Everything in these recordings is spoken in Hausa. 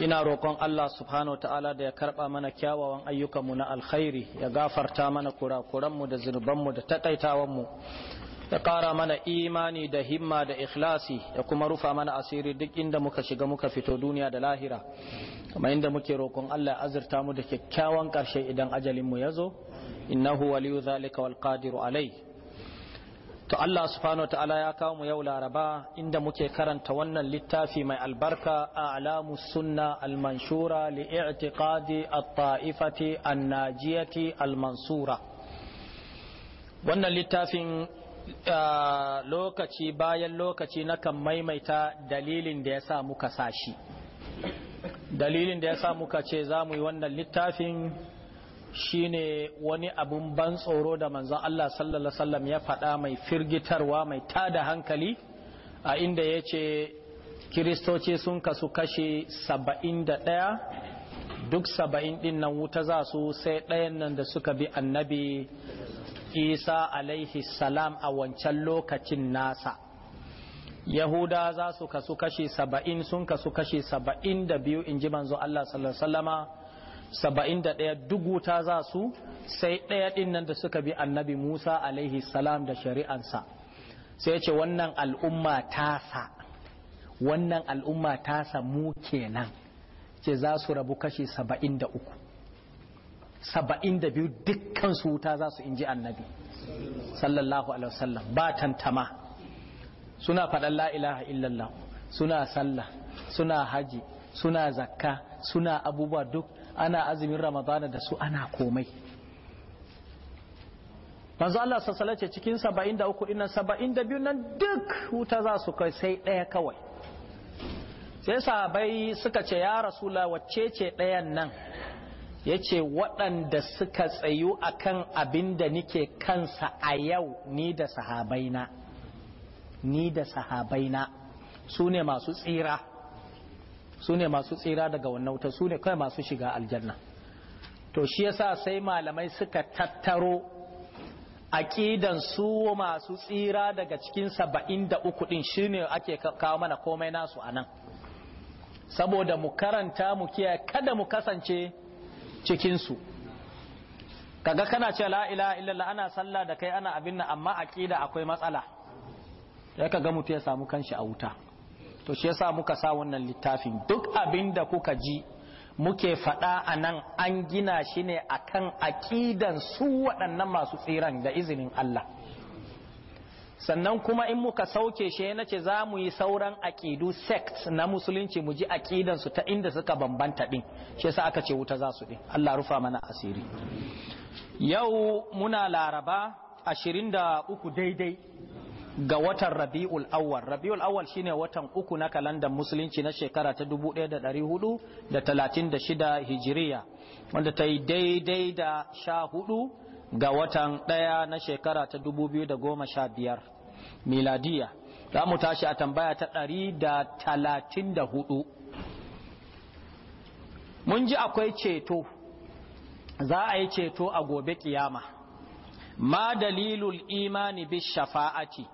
ina roƙon Allah subhanahu wa ta'ala da ya karɓa mana kyawawan ayyukanmu na alkhairi ya gafarta mana kurakuranmu da zunubanmu da taƙaitawanmu. ya ƙara mana imani da himma da ikhlasi ya kuma rufa mana asiri duk inda muka shiga muka fito duniya da lahira kamar inda muke roƙon Allah ya azurta mu da kyakkyawan ƙarshe idan ajalinmu ya zo innahu waliyu zalika wal qadiru alai to Allah subhanahu wa ta'ala ya kawo mu yau laraba inda muke karanta wannan littafi mai albarka a alamu sunna almanshura li i'tiqadi at-ta'ifati an-najiyati al-mansura wannan littafin lokaci bayan lokaci na kan maimaita dalilin da ya sa muka sashi dalilin da ya sa muka ce za mu yi wannan littafin shine wani abun ban tsoro da manzon Allah sallallahu alaihi ya faɗa mai firgitarwa mai tada hankali a inda ya ce kiristoci sun kasu kashe saba'in da ɗaya duk saba'in ɗin nan wuta za su sai ɗayan nan da suka bi annabi isa alaihi salam a wancan lokacin nasa yahuda za su kasu kashe saba'in sun kasu kashe saba'in da biyu in ji manzo Allah sallallahu saba'in da ɗaya duk wuta za su sai ɗaya ɗin nan da suka bi annabi musa alaihi salam da shari'ansa sai ce wannan al'umma tasa wannan al'umma tasa mu kenan ce za su rabu kashi saba'in da uku saba'in da biyu dukkan su wuta za su inji annabi sallallahu alaihi wasallam ba tantama suna faɗan la ilaha illallah suna sallah suna haji suna zakka suna abubuwa duk ana azumin ramadana da su ana komai manzo Allah sassala ce cikin 73 dinnan 72 nan duk wuta za su kai sai ɗaya kawai sai sahabai suka ce ya rasula wacce ce ɗayan nan ya ce waɗanda suka tsayu akan abin da nike kansa a yau ni da sahabaina ni da sahabaina su ne masu tsira su ne masu tsira daga wannan wuta su ne kai masu shiga aljanna to shi yasa sai malamai suka tattaro aqidan su masu tsira daga cikin 73 din shine ake kawo mana komai nasu anan saboda mu karanta mu kiyaye kada mu kasance cikin su kaga kana cewa la ilaha illallah ana sallah da kai ana abinna amma aqida akwai matsala sai kaga mutu ya samu kanshi a wuta to shi yasa muka sa wannan littafin duk abin da kuka ji muke faɗa a nan an gina shi ne akan kan aƙidan su waɗannan masu tsiran da izinin Allah sannan kuma in muka sauke shi na ce za mu yi sauran aƙidu sect na musulunci mu ji aƙidansu ta inda suka bambanta ɗin shi yasa aka ce wuta za su ɗin Allah rufa mana asiri yau muna laraba ashirin uku daidai ga watan rabi'ul awwal rabi'ul awwal shine watan uku na kalandar musulunci na shekara ta 1436 hijiriya wanda ta yi daidai da sha hudu ga watan daya na shekara ta 2015 miladiya za mu tashi a tambaya ta 134 mun ji akwai ceto za a yi ceto a gobe kiyama ma dalilul imani bi shafa'ati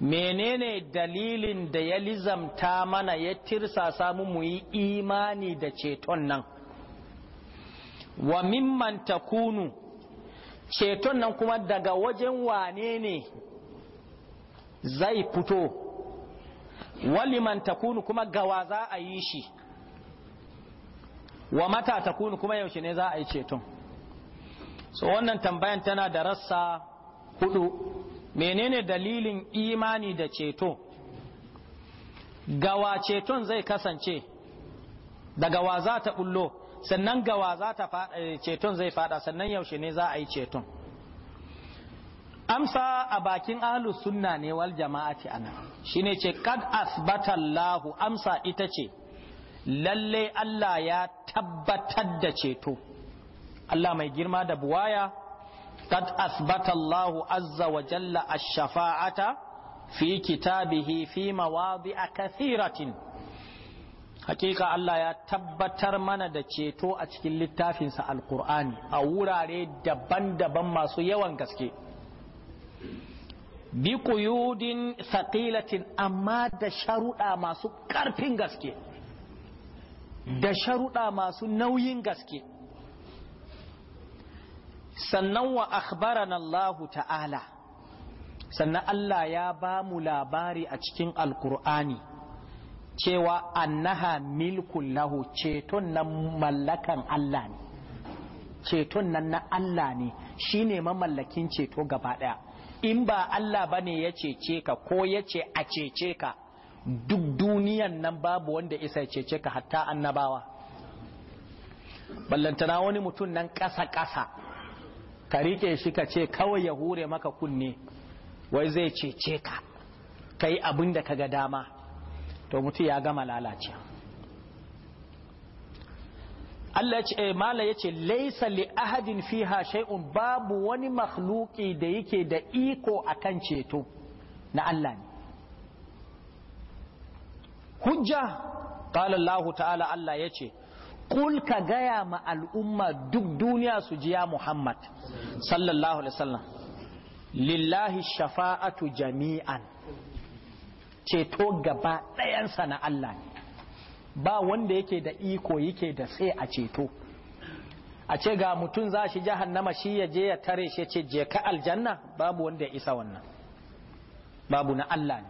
menene dalilin da ya lizamta mana ya tirsa samu mu yi imani da ceton nan wa mimman takunu ceton nan kuma daga wajen wane ne zai fito waliman takunu kuma gawa za a yi shi wa mata takunu kuma yaushe ne za a yi ceton so wannan tambayan tana da rassa hudu menene dalilin imani da ceto gawa ceton zai kasance daga wa za ta bullo sannan gawa za ta eh, ceton zai fada sannan yaushe ne za a yi ceton amsa a bakin ahlus sunna ne wal jama'ati ana shine ce kad asbata Allah amsa ita ce lalle Allah ya tabbatar da ceto Allah mai girma da buwaya قد أثبت الله عز وجل الشفاعة في كتابه في مواضع كثيرة حقيقة الله يا تبتر من دا چيتو أتكين للتافنس القرآن أورا ري دبان دبان ما سيوان كسكي بقيود ثقيلة أما دا شرطة ما سكرفين كسكي da sharuɗa masu nauyin gaske sannan wa akhbarana Allah ta'ala sannan Allah ya ba mu labari a cikin alkur'ani cewa annaha milkul lahu ceton nan mallakan Allah ne ceton nan na Allah ne shine mamallakin ceto gaba daya in ba Allah bane ya cece ka ko ya ce a cece ka duk duniyan nan babu wanda isa cece ka hatta annabawa ballantana wani mutum nan ƙasa ƙasa ka rike shi ka ce kawai ya hure maka kunne wai zai cece ka Kai yi abin da ka ga dama to mutu ya gama lalace Allah ce eh, mala yace laisa li ahadin fiha shay'un babu wani makhluki da yake da iko akan ceto na Allah ne hujja qala Allah ta'ala Allah yace kul ka gaya ma al'umma duk duniya su ji ya muhammad sallallahu alaihi wasallam lillahi shafa'atu jami'an ceto gaba ɗayansa na Allah ba wanda yake da iko yake da sai a ceto a ce ga mutum za shi jahannama shi ya je ya tare shi ce je ka aljanna babu wanda ya isa wannan babu na Allah ne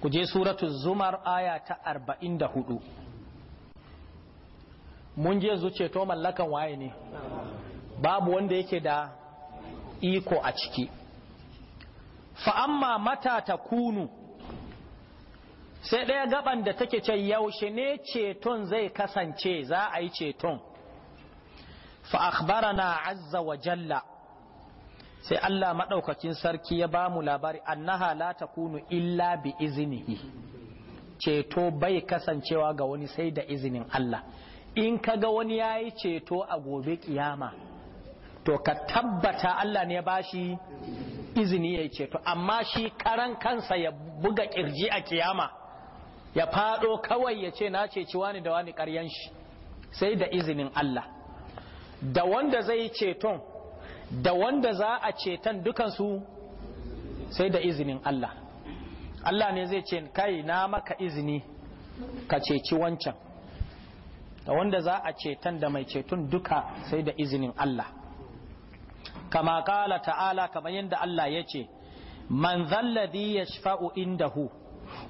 ku je suratul zumar aya ta 44 mun je zuce to mallakan waye ne babu wanda yake da iko a ciki fa amma mata ta kunu sai ɗaya gaban da take ce yaushe ne ceton zai kasance za a yi ceton fa akhbarana azza wa jalla sai Allah maɗaukakin sarki ya bamu mu labari annaha la takunu illa bi izinihi ceto bai kasancewa ga wani sai da izinin Allah in kaga wani ya yi ceto a gobe kiyama to ka tabbata Allah ne ya bashi izini ya yi ceto amma shi karan kansa ya buga kirji a kiyama ya fado kawai ya ce na ceci wani da wani karyan shi sai da izinin Allah da wanda zai yi ceton da wanda za a ceton dukansu sai da izinin Allah Allah ne zai ce kai na maka izini ka ceci wancan da wanda za a ceton da mai ceton duka sai da izinin Allah kama kala ta'ala kamar yadda Allah ya ce man zalladhi yashfa'u indahu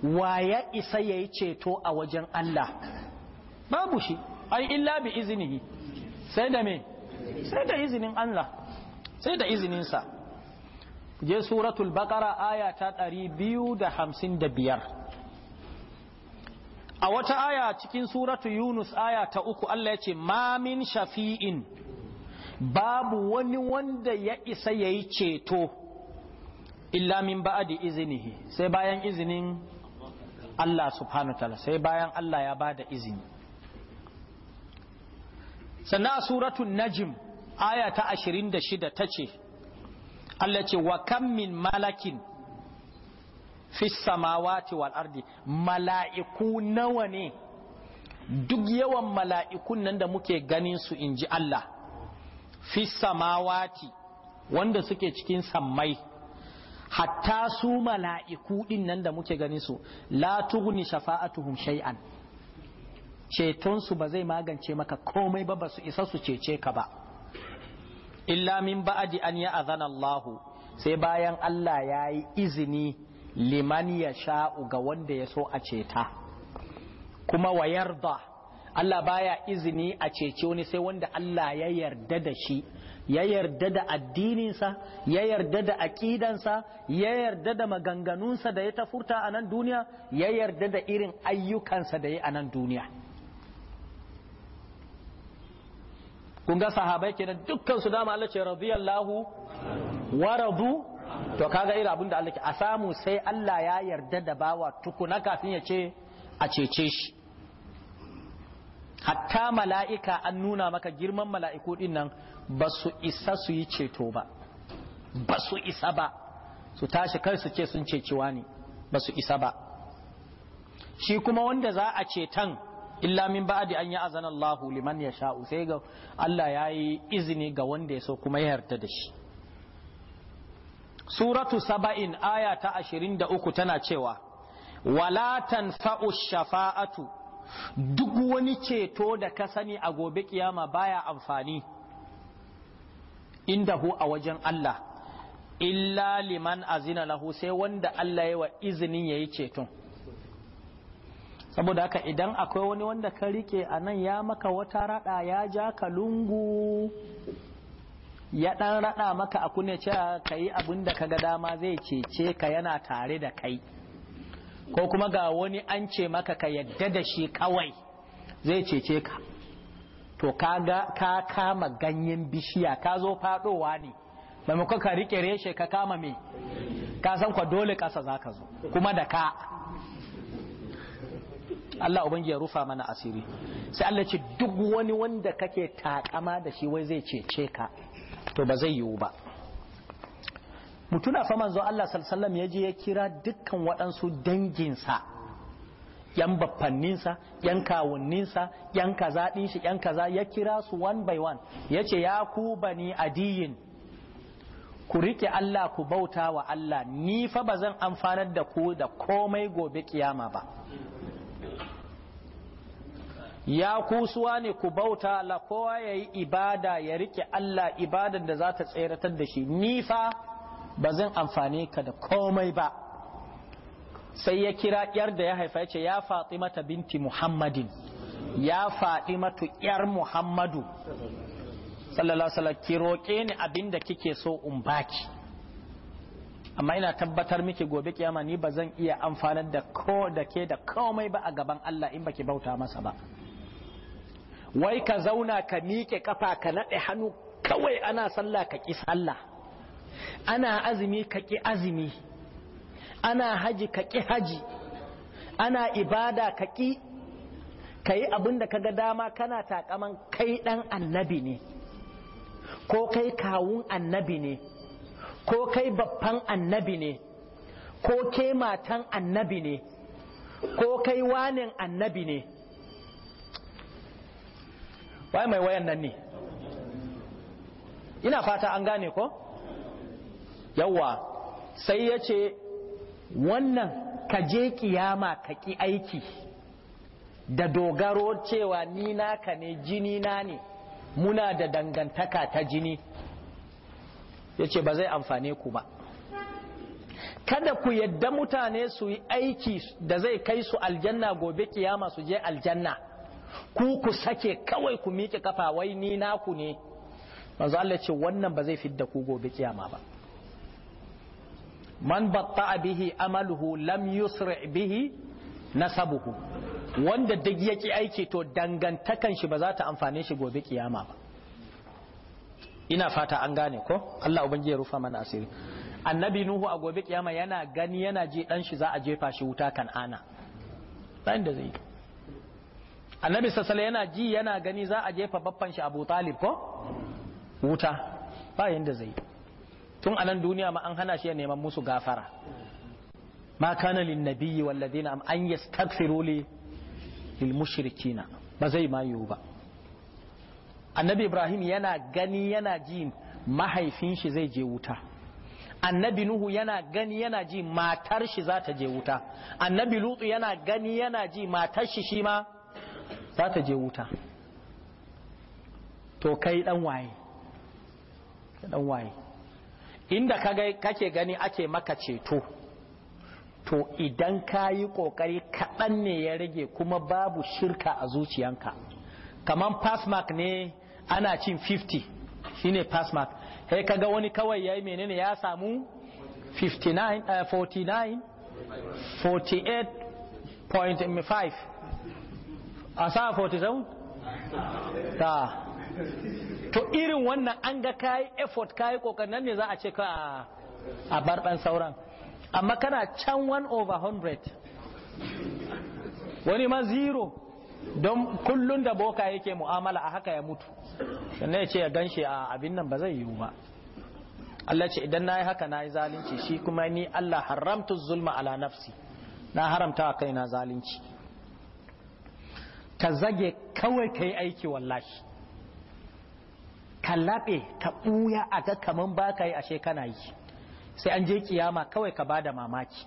wa ya isa yayi ceto a wajen Allah babu shi ai illa bi iznihi sai da me sai da izinin Allah sai da izininsa je suratul baqara aya ta 255 a wata aya cikin suratu yunus aya ta uku Allah ya ce mamin shafi'in babu wani wanda ya isa ya yi ceto illa min ba'adi izinihi sai bayan izinin Allah subhanahu ta'ala sai bayan Allah ya bada izini sannan a suratun najim aya ta ashirin 26 ta ce Allah ce wa kam min malakin fi samawati wal ardi mala'iku nawa ne duk yawan mala'ikun nan da muke ganin su inji Allah fi samawati wanda suke cikin sammai hatta su mala'iku din nan da muke ganin su la tughni shafa'atuhum shay'an ceton su ba zai magance maka komai ba ba su isa su cece ka ba illa min ba'di an ya'zana Allahu sai bayan Allah ya yi izini liman ya sha'u ga wanda ya so a ceta kuma wa yarda Allah baya izini a cece wani sai wanda Allah ya yarda da shi ya yarda da addininsa ya yarda da aƙidansa ya yarda da maganganunsa da ya tafurta a nan duniya ya yarda da irin ayyukansa da ya a nan duniya kun ga sahabai kenan dukkan su dama Allah ce radiyallahu wa radu to kaga irin abin da Allah ke a samu sai Allah ya yarda da bawa tukuna kafin ya ce a cece shi hatta mala'ika an nuna maka girman mala'iku din nan ba su isa su yi ceto ba ba su isa ba su tashi kar su ce sun cecewa ne ba su isa ba shi kuma wanda za a cetan illa min ba'di an yi azana Allahu liman ya sha'u sai ga Allah yayi izini ga wanda ya so kuma ya yarda da shi suratu saba'in aya ta ashirin da uku tana cewa walatan fa'u shafa'atu duk wani ceto da ka sani a gobe kiyama baya amfani indahu a wajen Allah illa liman azina lahu sai wanda Allah ya wa izinin ya yi ceton saboda haka idan akwai wani wanda ka rike a nan ya maka wata rada ya ja ka lungu ya ɗan raɗa maka a kunne cewa ka yi abin da kaga dama zai cece ka yana tare da kai ko kuma ga wani an ce maka ka yadda da shi kawai zai cece ka to kaga ka kama ganyen bishiya ka zo fadowa ne maimakon ka rike reshe ka kama me ka san kwa dole kasa za zo kuma da ka Allah ubangi ya rufa mana asiri sai Allah ce duk wani wanda kake takama da shi wai zai cece ka to ba zai yiwu ba mutuna fa manzo Allah sallallahu ya je ya kira dukkan waɗansu danginsa yan baffanninsa yan kawunninsa yan kaza din shi yan kaza ya kira su one by one yace ya ku bani adiyin ku rike Allah ku bauta wa Allah ni fa bazan amfanar da ku da komai gobe kiyama ba ya kusuwa ne ku bauta la kowa ya yi ibada ya rike Allah ibadar da za ta tseratar da shi ni fa ba zan amfane ka da komai ba sai ya kira yar da ya haifa ya ce ya fatimata binti muhammadin ya fatimatu yar muhammadu sallallahu ala'uwa ki roƙe ni abin da kike so in baki amma ina tabbatar miki gobe kiyama ni ba zan iya amfanar da ko da ke da komai ba a gaban Allah in baki bauta masa ba wai ka zauna ka miƙe ƙafa ka naɗe hannu kawai ana sallah ka ƙi sallah ana azumi ka ƙi azumi ana haji ka ƙi haji ana ibada ka ƙi ka yi abinda da ka ga dama kana taƙaman kai ɗan annabi ne ko kai kawun annabi ne ko kai babban annabi ne ko ke matan annabi ne ko kai wanin annabi ne wai mai wayan nan ne ina fata an gane ko yawa sai ya ce wannan ka je kiyama ka ki aiki da dogaro cewa ni naka ne jini na ne muna da dangantaka ta jini ya ce ba zai amfane ku ba kada ku yadda mutane su yi aiki da zai kai su aljanna gobe kiyama su je aljanna ku ku sake kawai ku miƙe kafa wai ni naku ne manzo Allah ce wannan ba zai fidda ku gobe kiyama ba man batta bihi amaluhu lam yusri bihi nasabuhu wanda duk yaki aiki to dangantakan shi ba za ta amfane shi gobe kiyama ba ina fata an gane ko Allah ubangi ya rufa mana asiri annabi nuhu a gobe kiyama yana gani yana ji dan shi za a jefa shi wuta kan ana zai annabi sassale yana ji yana gani za a jefa babban shi abu talib ko wuta ba yadda zai tun a nan duniya ma an hana shi ya neman musu gafara ma kana lin nabiyyi walladina am an yastaghfiru li lil mushrikina ba zai ma yiwu ba annabi ibrahim yana gani yana ji mahaifin shi zai je wuta annabi nuhu yana gani yana ji matar shi za ta je wuta annabi lutu yana gani yana ji matar shi shi ma za ta je wuta to kai dan waye dan waye inda kake gani ake maka ceto to idan ka yi ƙoƙari kaɗan ne ya rage kuma babu shirka a zuciyanka kamar passmark ne ana cin 50 shine passmark sai kaga wani kawai ya yi menene ya samu 59 uh, 49 48.5 a sa 47 ta to irin wannan an ga kayi effort kayi kokarin nan ne za a ce ka a bar dan sauran amma kana can 1 over 100 wani ma zero don kullum da boka yake mu'amala a haka ya mutu sannan ya ce ya ganshi a abin nan ba zai yiwu ba Allah ce idan na yi haka na yi zalunci shi kuma ni Allah haramtu zulma ala nafsi na haramta kaina zalunci ka zage kawai ka yi aiki wallashi, ka laɓe ka ɓuya a ga kamar ba ka yi ashe kana yi sai an je kiyama kawai ka bada mamaki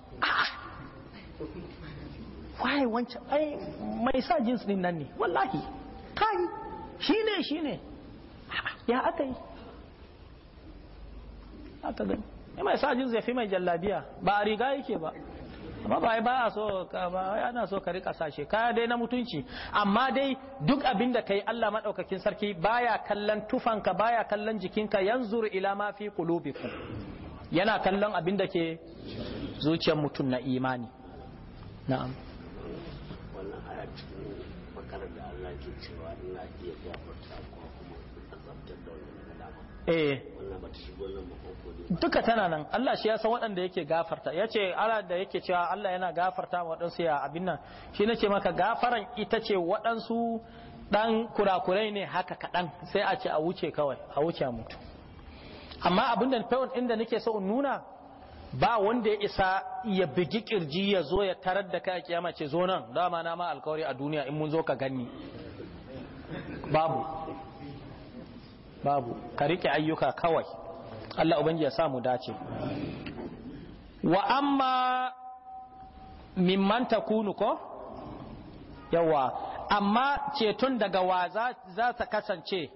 waye wancan ai mai sa jins din nan ne wallahi kai shi ne, ya aka yi aka gani mai sa jins ya fi mai jallabiya ba a riga yake ba amma ba ba so ka ba ana so ka rika sashe kaya dai na mutunci amma dai duk abin da kai Allah madaukakin sarki baya kallon tufanka baya kallon jikinka yanzur ila ma fi qulubiku yana kallon abin da ke zuciyar mutum na imani na'am wannan makarar da Allah ke cewa ina iya gafarta eh duka tana nan Allah shi ya san waɗanda yake gafarta ya ce da yake cewa Allah yana gafarta waɗansu ya abin nan shi na maka gafaran ita ce waɗansu ɗan kurakurai ne haka kaɗan sai a ce a wuce kawai a wuce a mutu amma abin da inda nake so in nuna ba wanda ya isa ya bigi kirji ya zo ya tarar da kai a kiyama ce zo nan dama na ma alkawari a duniya in mun zo ka gani babu babu ka rike ayyuka kawai Allah ubangi ya samu dace wa amma mimman kunu ko yawa amma ceton daga wa za ta kasance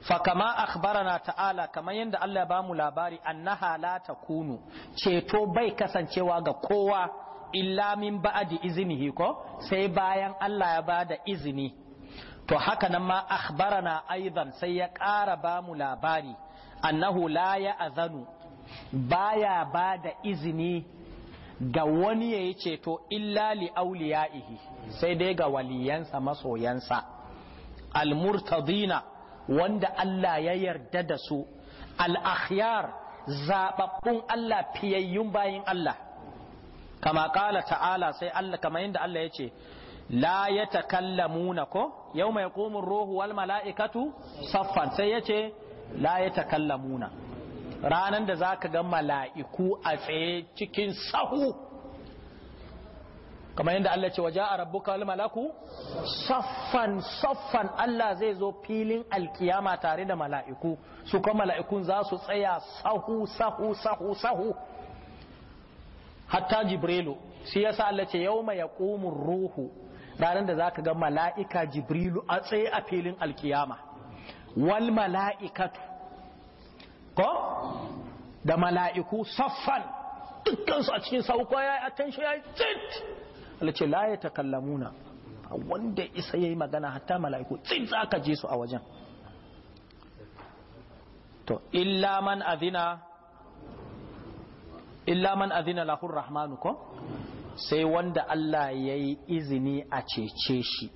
fa kama akhbarana ta'ala kamar yadda Allah ba mu labari annaha la takunu ceto bai kasancewa ga kowa illa min ba'di iznihi ko sai bayan Allah ya bada izini to haka nan ma akhbarana aidan sai ya ƙara ba mu labari annahu la ya azanu baya ba da izini ga wani ya yi ceto illa li auliya'ihi sai dai ga waliyansa masoyansa almurtadina wanda Allah ya yarda da su al-akhyar zababbun Allah fiyayyun bayin Allah kama kala ta'ala sai Allah kama yadda Allah ya ce la ya takallamuna ko yau mai komin ruhu wal mala'ikatu saffan sai la ya ranar da za ga mala'iku a tsaye cikin sahu kamar yadda Allah ce waje rabbuka wal malaku saffan saffan Allah zai zo filin alkiyama tare da mala'iku su kuma mala'ikun za su tsaya sahu sahu sahu sahu hatta jibrilu shi yasa Allah ce yau mai ruhu ranar da za ka ga mala'ika jibrilu a tsaye a filin alkiyama wal mala'ikatu ko da mala'iku saffan dukkansu a cikin sauko ya yi attention ya yi tsit alice la kallamuna? A wanda isa ya yi magana hatta mala'iku tsit za ka je su a wajen to illa man zina, illa azina lahur rahmanu ko sai wanda Allah ya yi izini a cece shi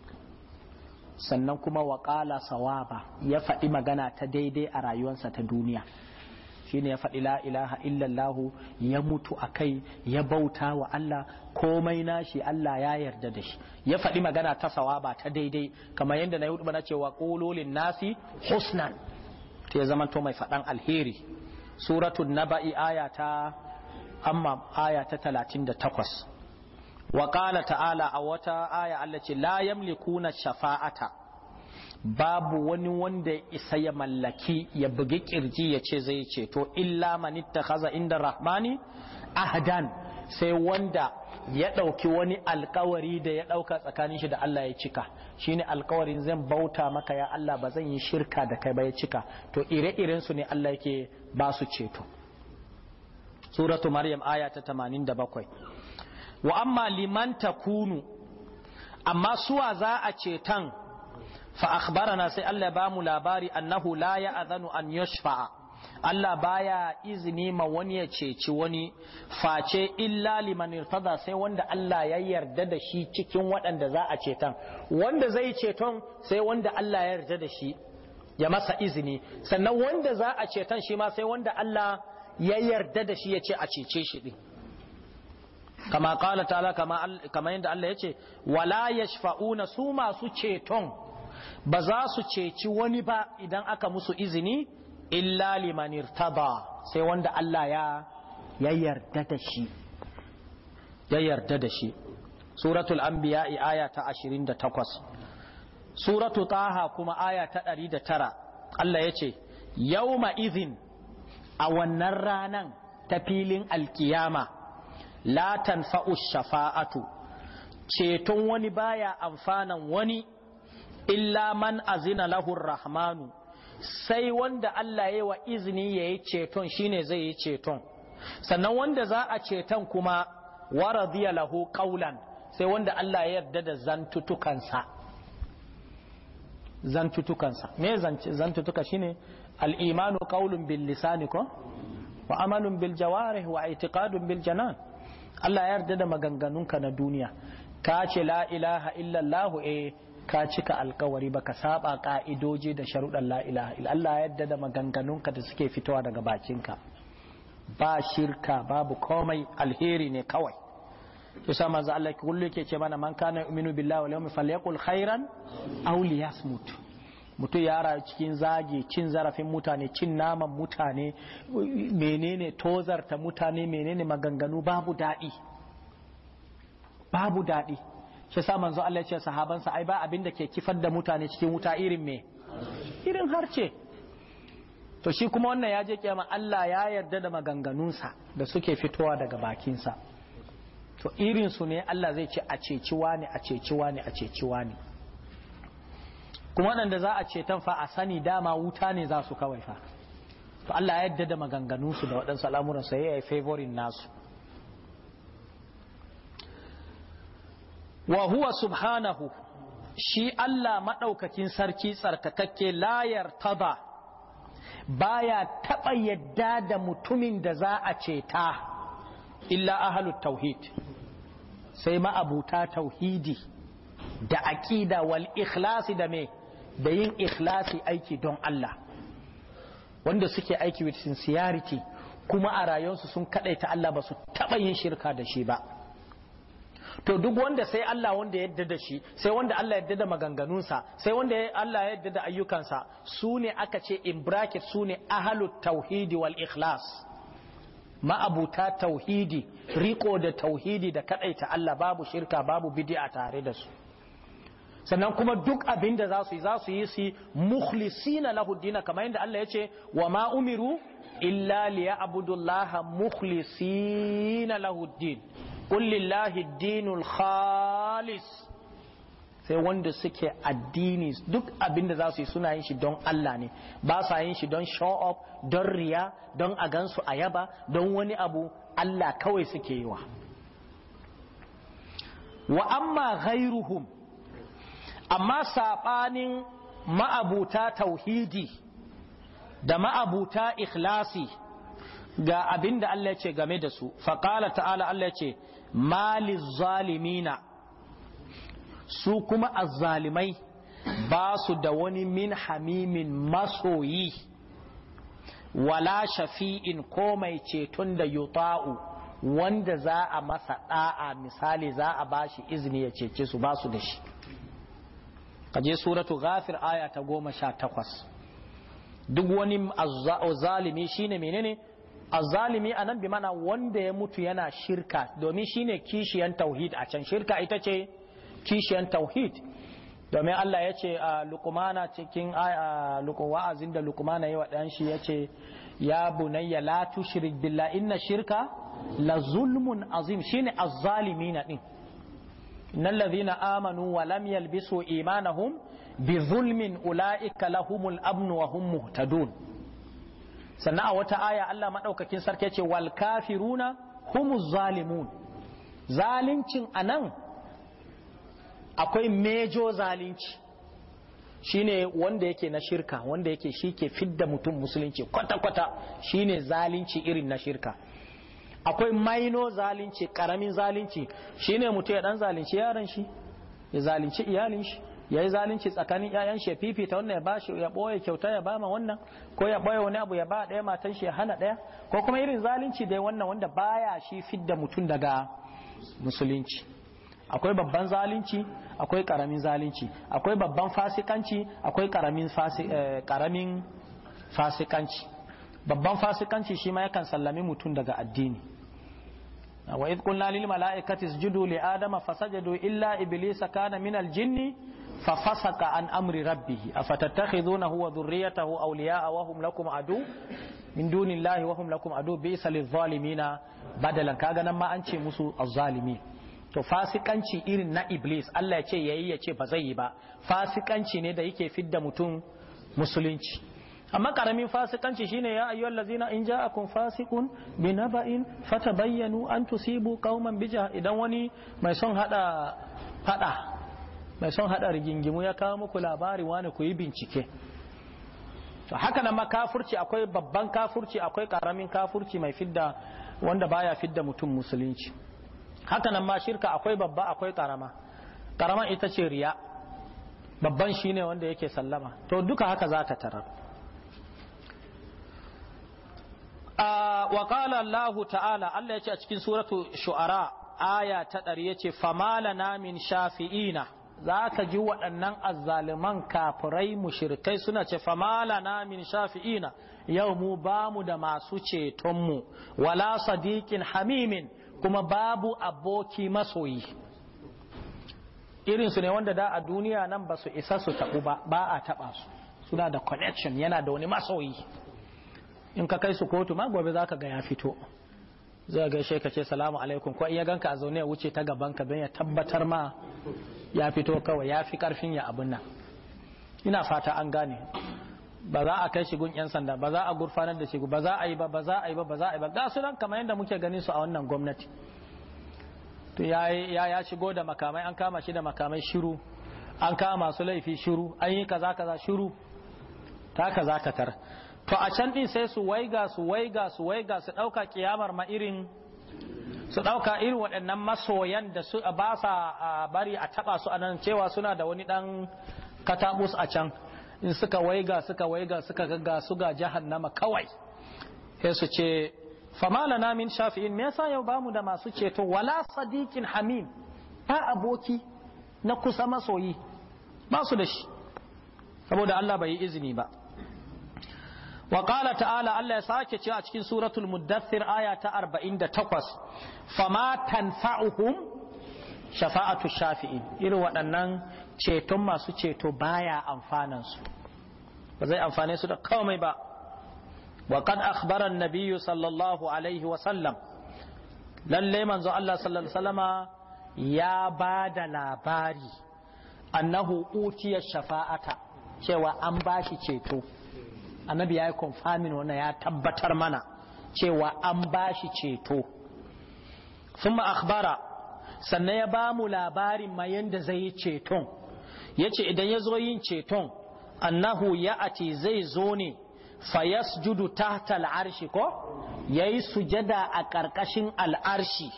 sannan kuma waƙala sawaba ya faɗi magana ta daidai a rayuwarsa ta duniya shine ya faɗi la ilaha illallahu ya mutu a kai ya bauta wa Allah komai nashi Allah ya yarda da shi ya faɗi magana ta sawaba ta daidai kamar yadda na yi hudu na wa ƙololin nasi husnan ta ya zama to mai faɗan alheri suratun naba'i aya ta amma aya ta talatin da takwas wa qala ta'ala a wata aya Allah ce la yamlikuna shafa'ata babu wani wanda isa ya mallaki ya bugi kirji ya ce zai ceto illa man ittakhadha inda rahmani ahdan sai wanda ya ɗauki wani alkawari da ya ɗauka tsakanin shi da Allah ya cika shine alkawarin zan bauta maka ya Allah ba zan yi shirka da kai ba ya cika to ire-iren su ne Allah yake ba su ceto suratu maryam aya ta 87 wa amma liman takunu amma suwa za a cetan fa akhbarana sai Allah ba mu labari annahu la ya'zanu an yashfa'a Allah baya izini ma wani ya ceci wani face illa liman irtada sai wanda Allah ya yarda da shi cikin waɗanda za a ceton wanda zai ceton sai wanda Allah ya yarda da shi ya masa izini sannan wanda za a ceton shi ma sai wanda Allah ya yarda da shi ya ce a cece shi din kama qala ta'ala kama yadda yanda ya ce wala yashfa'una su masu ceton ba za su ceci wani ba idan aka musu izini illa liman irtaba sai wanda Allah ya yarda da shi ya yarda da shi suratul anbiya aya ta 28 suratu taha kuma aya ta 109 Allah yace yawma izin a wannan ranan ta filin alkiyama la tanfa'u shafa'atu ceton wani baya amfanan wani illa man azina lahu rahmanu sai wanda Allah ya wa izini ya yi ceton shine zai yi ceton sannan wanda za a ceton kuma wa radiya lahu qawlan sai wanda Allah ya yarda da zantutukansa zantutukansa me zantutuka shine al-imanu qawlun bil lisani ko wa amalun bil wa bil janan Allah ya yarda da maganganunka na duniya ka ce la ilaha illallah eh ka cika alkawari baka saba ka'idoji da sharuɗan la ilaha Allah ya yarda da maganganunka da suke fitowa daga bakinka ba shirka babu komai alheri ne kawai yasa manzo Allah kullu yake ce mana man kana yu'minu billahi wal yawmi falyaqul khairan aw liyasmut mutum ya rayu cikin zagi cin zarafin mutane cin naman mutane menene tozarta mutane menene maganganu babu daɗi babu daɗi shi sa manzo Allah ya ce sahabansa ai ba abin ke kifar da mutane cikin wuta irin me irin harce to shi kuma wannan ya je kiyama Allah ya yarda da maganganunsa da suke fitowa daga bakinsa to irin su ne Allah zai ce a ceci ne? a ceci ne? a ceci ne? kuma waɗanda za a ceton fa a sani dama wuta ne za su kawai fa to Allah ya yadda da maganganu su da waɗansu al'amuran sai ya yi favorin nasu wa huwa subhanahu shi Allah maɗaukakin sarki tsarkakakke layar taba baya taɓa yadda da mutumin da za a ceta illa ahalut tauhid sai ma'abuta tauhidi da aƙida wal ikhlasi da me da yin ikhlasi aiki don Allah wanda suke aiki with sincerity kuma a rayuwarsu sun kadaita Allah ba su taba yin shirka da shi ba to duk wanda sai Allah wanda ya da shi sai wanda Allah ya da maganganunsa sai wanda Allah ya yarda da ayyukansa su ne aka ce in bracket su ne ahalut tauhidi wal ikhlas ma'abuta tauhidi riko da tauhidi da kadaita Allah babu shirka babu bid'a tare da su sannan kuma duk abin da za su yi za su yi su mukhlisina lahu dina kamar yadda Allah ya ce wa ma umiru illa liya'budullaha mukhlisina lahu din qul lillahi dinul khalis sai wanda suke addini duk abin da za su yi suna yin shi don Allah ne ba sa yin shi don show up don riya don a gansu a yaba don wani abu Allah kawai suke yi wa wa amma ghairuhum amma saɓanin ma'abuta tauhidi da ma'abuta ikhlasi ga abin da Allah ce game da su faƙala ta'ala Allah ce mali zalimina su kuma azzalimai ba su da wani min hamimin masoyi wala shafi'in ko mai ceton da yuta'u wanda za a masa ɗa'a misali za a bashi izini ya cece su ba su da shi kaje suratu ghafir aya ta goma sha takwas duk wani azzalimi shine menene azzalimi a nan bi mana wanda ya mutu yana shirka domin shine kishiyan tauhid a can shirka ita ce kishiyan tauhid domin Allah ya ce a lukumana cikin wa'azin da lukumana yi wa ɗan shi ya ce ya bunayya la tushrik billah inna shirka la zulmun azim shine na din innal amanu wa yalbisu imanahum bi zulmin ulaika lahumul amnu muhtadun sannan wata aya Allah madaukakin sarki ce zalincin anan akwai mejo zalunci shine wanda yake na shirka wanda yake shi ke fidda mutum musulunci kwata-kwata shine zalunci irin na shirka akwai maino zalunci karamin zalunci shine mutu ya dan zalunci yaran shi ya zalunci iyalin shi ya yi zalunci tsakanin 'ya'yan shi ya fifita wannan ya ba ya boye kyauta ya bama wannan ko ya boye wani abu ya ba daya matan shi ya hana daya ko kuma irin zalunci dai wannan wanda baya shi fidda mutum daga musulunci akwai babban zalunci akwai karamin zalunci akwai babban fasikanci akwai karamin karamin eh, fasikanci babban fasikanci shi ma yakan sallami mutum daga addini wa idh qulna lil mala'ikati isjudu li adama fasajadu illa iblisa kana min al jinni fasaka an amri rabbih afatattakhidunahu wa dhurriyyatahu awliya'a wa hum lakum adu min dunillahi wa hum lakum adu bi'sa lil zalimina badalan kaga nan ma an ce musu azzalimi to fasikanci irin na iblis Allah ya ce yayi ya ce ba zai yi ba fasikanci ne da yake fidda mutum musulunci amma karamin fasikanci shine ya ayyuhal allazina in ja'akum fasiqun binaba'in fatabayyanu an tusibu qauman bija idan wani mai son hada fada mai son hada rigingimu ya kawo muku labari wani ku yi bincike to haka nan ma akwai babban kafurci akwai karamin kafurci mai fidda wanda baya fidda mutum musulunci haka nan ma shirka akwai babba akwai karama karama ita ce riya babban shine wanda yake sallama to duka haka zaka tarar wa qala Allahu ta'ala Allah yace a cikin suratu shu'ara aya ta ɗari yace na min shafi'ina za ka ji waɗannan azzaliman kafirai mushrikai suna ce famala na min shafi'ina yau mu ba mu da masu cetonmu, wala sadiqin hamimin kuma babu aboki masoyi irinsu ne wanda da a duniya nan ba su isa su taɓu ba ba a taɓa su suna da connection yana da wani masoyi in ka kai su kotu ma gobe zaka ga ya fito zai gaishe ka ce salamu alaikum ko in ya ganka a zaune ya wuce ta gaban ka don ya tabbatar ma ya fito kawai ya fi karfin ya abin nan ina fata an gane ba za a kai shigun yan sanda ba za a gurfanar da shigu ba za a yi ba ba za a yi ba ba za a yi ba ga nan kamar yadda muke ganin su a wannan gwamnati to ya ya shigo da makamai an kama shi da makamai shiru an kama su laifi shiru an yi kaza kaza shiru ta kaza katar to a can din sai su waiga su waiga su waiga su ɗauka kiyamar ma irin su ɗauka irin waɗannan masoyan da su ba sa bari a taɓa su anan cewa suna da wani ɗan katabus a can in suka waiga suka waiga suka ga su ga jahannama kawai sai su ce famala na min shafi'in me yasa yau bamu da masu ceto wala sadiqin hamim ba aboki na kusa masoyi ba su da shi saboda Allah bai yi izini ba wa ta'ala Allah ya sake a cikin suratul muddathir aya ta 48 fama tanfa'uhum shafa'atu shafi'in irin waɗannan ceton masu ceto baya amfanan su ba zai amfane su da komai ba wa qad akhbara sallallahu alaihi wa sallam lalle manzo Allah sallallahu da wasallama ya bada labari annahu utiya shafa'ata cewa an bashi ceto annabi ya yi confirming wannan ya tabbatar mana cewa an ba shi ceto sun akhbara sannan ya ba mu labarin ma yadda zai yi ceton ya ce idan ya zo yin ceton annahu ya ati zai zo ne fayas judu tahta al'arshi ko ya yi sujada a ƙarƙashin al'arshi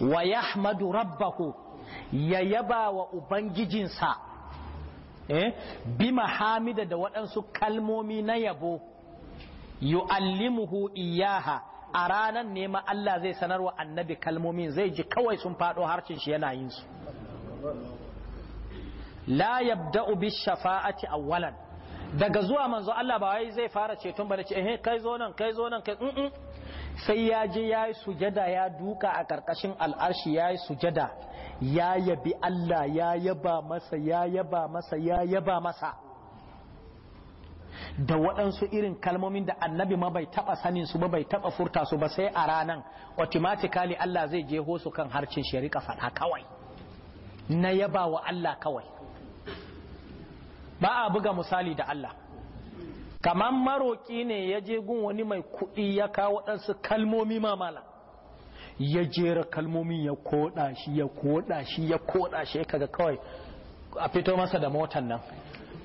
wa yahmadu rabbahu ya yaba wa ubangijinsa Eh? bi mahamida da waɗansu kalmomi na yabo yu'allimuhu iyaha a ranar ne Allah zai sanar wa annabi kalmomin zai ji kawai sun faɗo harshen shi yana yin su la yabda'u bi shafa'ati awwalan daga zuwa manzo Allah ba wai zai fara ceton ba ce eh kai zo nan kai zo nan kai sai ya je yayi sujada ya duka a karkashin al'arshi yayi sujada ya yabi Allah ya yaba masa ya yaba masa ya yaba masa da waɗansu irin kalmomin da annabi ma bai taɓa sanin su ba bai taɓa furta su ba sai a ranan automatically Allah zai je hosu kan harcin shari'a faɗa kawai na yaba wa Allah kawai ba a buga misali da Allah kamar maroƙi ne ya je gun wani mai kuɗi ya kawo ɗansu kalmomi mamala ya jera kalmomin ya koda shi ya koda shi ya koda shi kaga kawai a fito masa da motar nan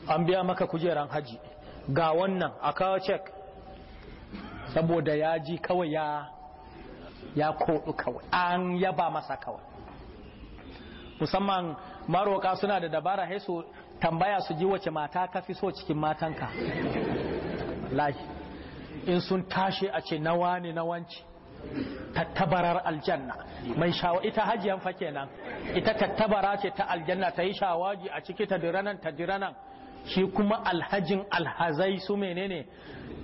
an biya maka kujeran haji ga wannan a kawo cek saboda ya ji kawai ya ya kodu kawai an yaba masa kawai musamman maroka suna da dabara haisu tambaya su ji wace mata ka fi so cikin matanka lahi in sun tashi a ce nawa ne na wanci tattabarar aljanna mai shawa ita hajiyan fa kenan ita tattabara ce ta aljanna ta yi shawaji a ciki ta diranan ta diranan shi kuma alhajin alhazai su menene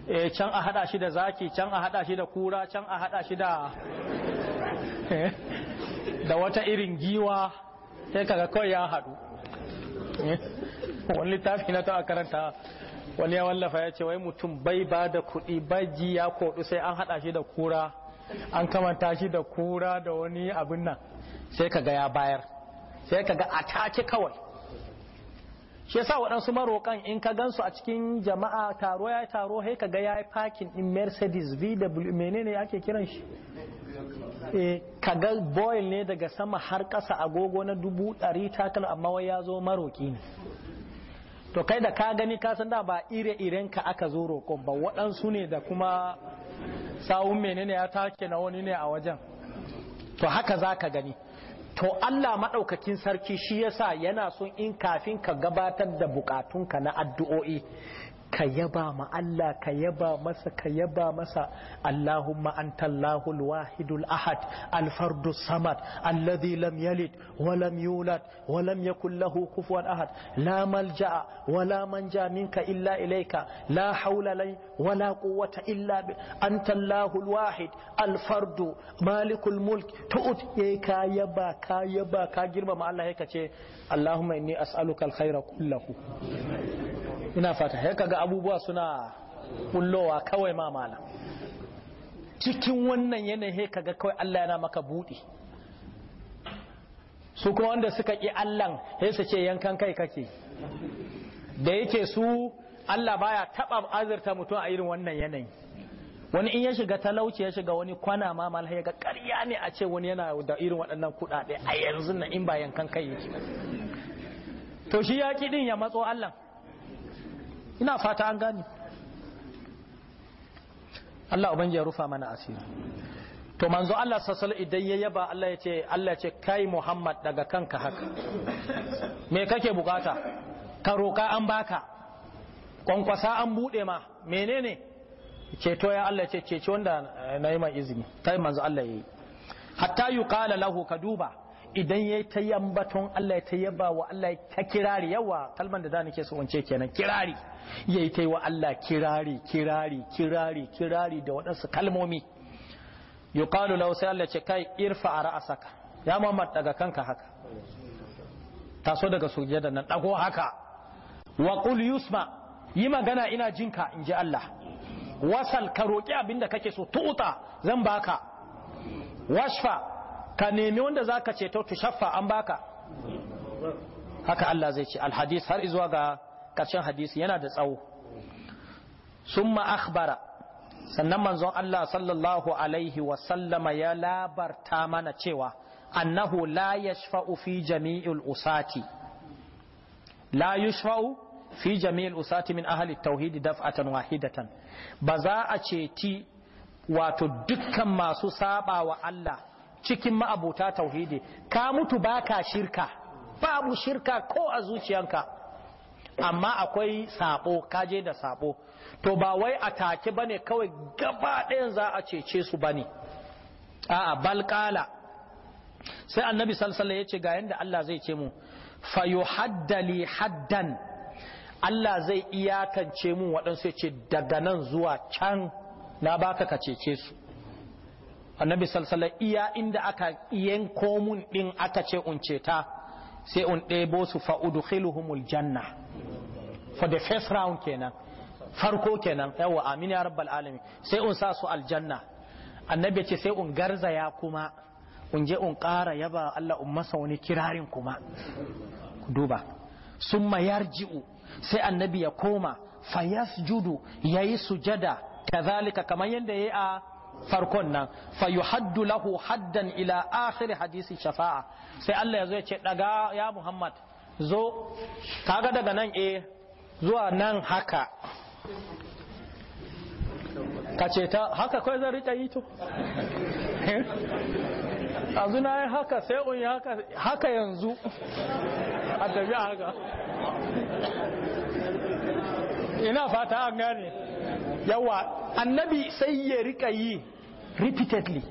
eh, can a hada shi da zaki can a hada shi da kura can a hada shi da eh, da wata irin giwa sai kaga kawai ya hadu eh, wani littafi na ta karanta wani ya wallafa ya ce wai mutum bai ba da kuɗi bai ji ya koɗu sai an hada shi da kura an kamanta shi da kura da wani abin nan sai ka ga ya bayar sai ka ga a take kawai shi yasa waɗansu marokan in ka gansu a cikin jama'a taro ya taro sai ga ya yi parking in mercedes vw menene ake kiran shi eh, Ka ga boil ne daga sama har ƙasa agogo na dubu ɗari takal amma wai ya zo maroki ne to kai da ka gani ka san da ba ire-iren ka aka zo roƙon ba waɗansu ne da kuma sawun menene ya take na wani ne a wajen to haka za ka gani to Allah maɗaukakin sarki shi yasa yana son in kafin ka gabatar da bukatunka na addu'o'i ka yaba ma Allah ka yaba masa ka yaba masa Allahumma anta Allahul wahidul ahad alfardu samad alladhi lam yalid wa lam yulad wa lam yakul lahu kufuwan ahad la malja'a wa la manja minka illa ilayka la hawla lay wa la quwwata illa bi anta Allahul wahid alfardu malikul mulk tu'ti ka yaba ka yaba ka girmama Allah yake ce Allahumma inni as'aluka alkhaira kullahu ina fata ya kaga abubuwa suna kullowa kawai ma mala cikin wannan yanayi kaga kawai Allah yana maka buɗi su kuma wanda suka ƙi allah sai su ce yankan kai kake da yake su Allah baya taɓa azurta mutum a irin wannan yanayi wani in ya shiga talauci ya shiga wani kwana ma malha ya ga ƙarya ne a ce wani yana da irin waɗannan kuɗaɗe a yanzu na in ba yankan kai yake to shi ya ƙi din ya matso Allah ina fata an gani. Allah ubangi ya rufa mana asiri to manzo Allah sassal idan ya yaba Allah ya ce Allah ce kai Muhammad daga kanka haka me kake bukata ka roka an baka kwankwasa an bude ma menene ceto ya Allah ce ceci wanda na yi mai izini kai manzo Allah ya hatta yuqala lahu ka duba idan ya yi ta yambaton Allah ya ta yaba wa Allah ta kirari yawa kalman da da ke so wance kenan kirari ya yi ta yi wa Allah kirari kirari kirari kirari da waɗansu kalmomi yuqalu lahu sai Allah ce kai irfa ra'asaka ya Muhammad daga kanka haka taso daga da nan ɗago haka wa ƙul yusma yi magana ina jinka in ji Allah wasal ka roki da kake so tuta zan baka washfa ka nemi wanda za ka ceto tu shaffa an baka haka Allah zai ce alhadis har izuwa ga karshen hadisi yana da tsawo summa akhbara sannan manzon Allah sallallahu alaihi wasallama ya labarta mana cewa annahu la yashfa'u fi jami'il usati la yashfa'u fi jami'il usati min ahli tauhid daf'atan wahidatan ba za a ceti wato dukkan masu saba wa Allah cikin ma'abota tauhidi ka mutu ba ka shirka babu shirka ko a zuciyanka amma akwai sabo je da sabo to ba wai a take bane kawai gaba ɗayan za a cece su bane a'a balƙala sai annabi sallallahu alaihi ce, ga yanda Allah zai ce mu haddali haddan Allah zai iyakance mu waɗansu ya ce daga nan zuwa can na baka ka cece su annabi salsala iya inda aka yanko mun din aka ce unce ta sai un ɗebo su fa'udkhiluhumul janna for the first round kenan farko kenan yawa amin ya rabbal alamin sai un sa su aljanna annabi ce sai un garzaya kuma un je un ƙara yaba Allah un masa wani kirarin kuma duba summa yarji'u sai annabi ya koma fayasjudu yayi sujada kazalika kamar yadda yayi a farkon nan fa yuhaddu lahu haddan ila akhir hadisi shafa'a sai Allah ya zo ya ce daga ya Muhammad zo kaga daga nan eh zuwa nan haka ka ce ta haka kai zan rika yi to yanzu na yi haka sai un haka haka yanzu a tafi haka ina fata an gane yawa annabi sai ya rika yi repeatedly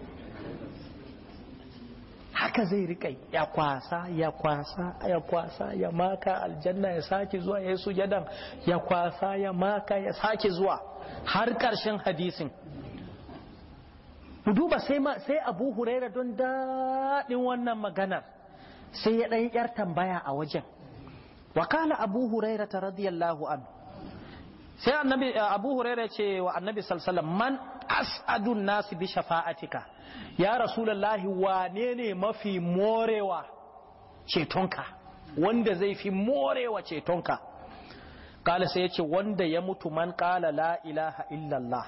haka zai rika ya kwasa ya kwasa ya kwasa ya maka aljanna ya sake zuwa ya su ya kwasa ya maka ya sake zuwa har karshen hadisin duba sai ma sai abu huraira don daɗin wannan maganar sai ya ɗan yar tambaya a wajen wakala abu huraira ta radiyallahu anhu sai annabi eh, abu huraira ce wa annabi sallallahu man as'adun nasu bi shafa'atika ya rasulullahi wane ne mafi morewa cetonka wanda zai fi morewa cetonka kala sai ya ce wanda ya mutu man kala la ilaha illallah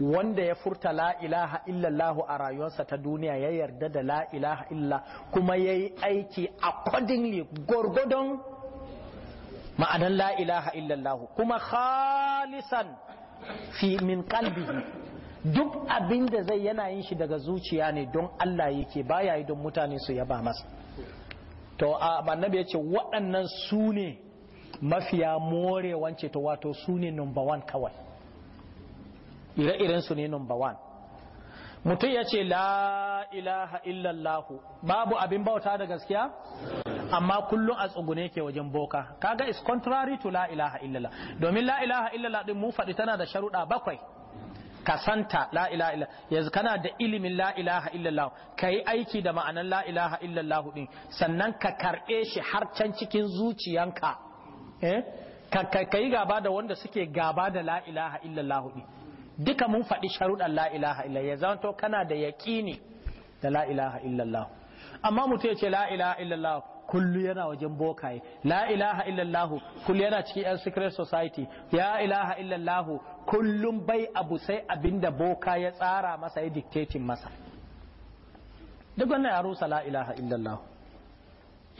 wanda ya furta la ilaha illallah a rayuwarsa ta duniya ya yarda da la ilaha illa kuma ya yi aiki accordingly gwargwadon ma'anan la ilaha kuma khalisan fi min duk abin da zai yana yin shi daga zuciya ne don Allah yake ya yi don mutane su yaba masa to annabi ya ce waɗannan su ne mafiya morewan ceto wato su ne number one kawai ire-iren su ne number one mutum ya ce la ilaha illallahu babu abin bauta da gaskiya amma kullum a tsugune yake wajen boka kaga is contrary to la ilaha illallah domin la ilaha illallah din mu faɗi tana da sharuɗa bakwai ka santa la ilaha illallah yanzu kana da ilimin la ilaha illallah ka yi aiki da ma'anar la ilaha illallah din sannan ka karɓe shi har can cikin zuciyanka eh ka yi gaba da wanda suke gaba da la ilaha illallah din duka mun faɗi sharuɗan la ilaha illallah ya zanto kana da yaƙini da la ilaha illallah amma mutum ya ce la ilaha illallah kullu yana wajen bokaye la ilaha illallah kullu yana cikin yan secret society ya ilaha illallah kullum bai abu sai abinda boka ya tsara masa ya dictating masa duk wannan ya rusa la ilaha illallah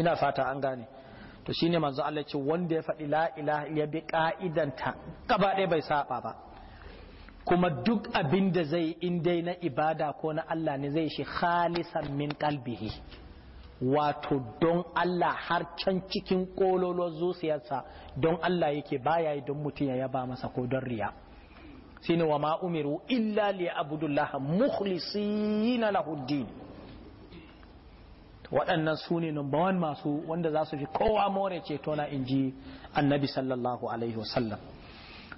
ina fata an gane to shine manzo Allah ce wanda ya faɗi la ilaha ya bi ka'idanta gaba ɗaya bai saba ba kuma duk abin da zai in dai na ibada ko na Allah ne zai shi khalisan min kalbihi. wato don Allah har can cikin kololon zuciyarsa don Allah yake baya yi don mutum ya yaba masa ko don riya sine wa ma umiru illa li abdullah mukhlisina lahuddin waɗannan su ne number masu wanda za su fi kowa more ceto na inji annabi sallallahu alaihi wasallam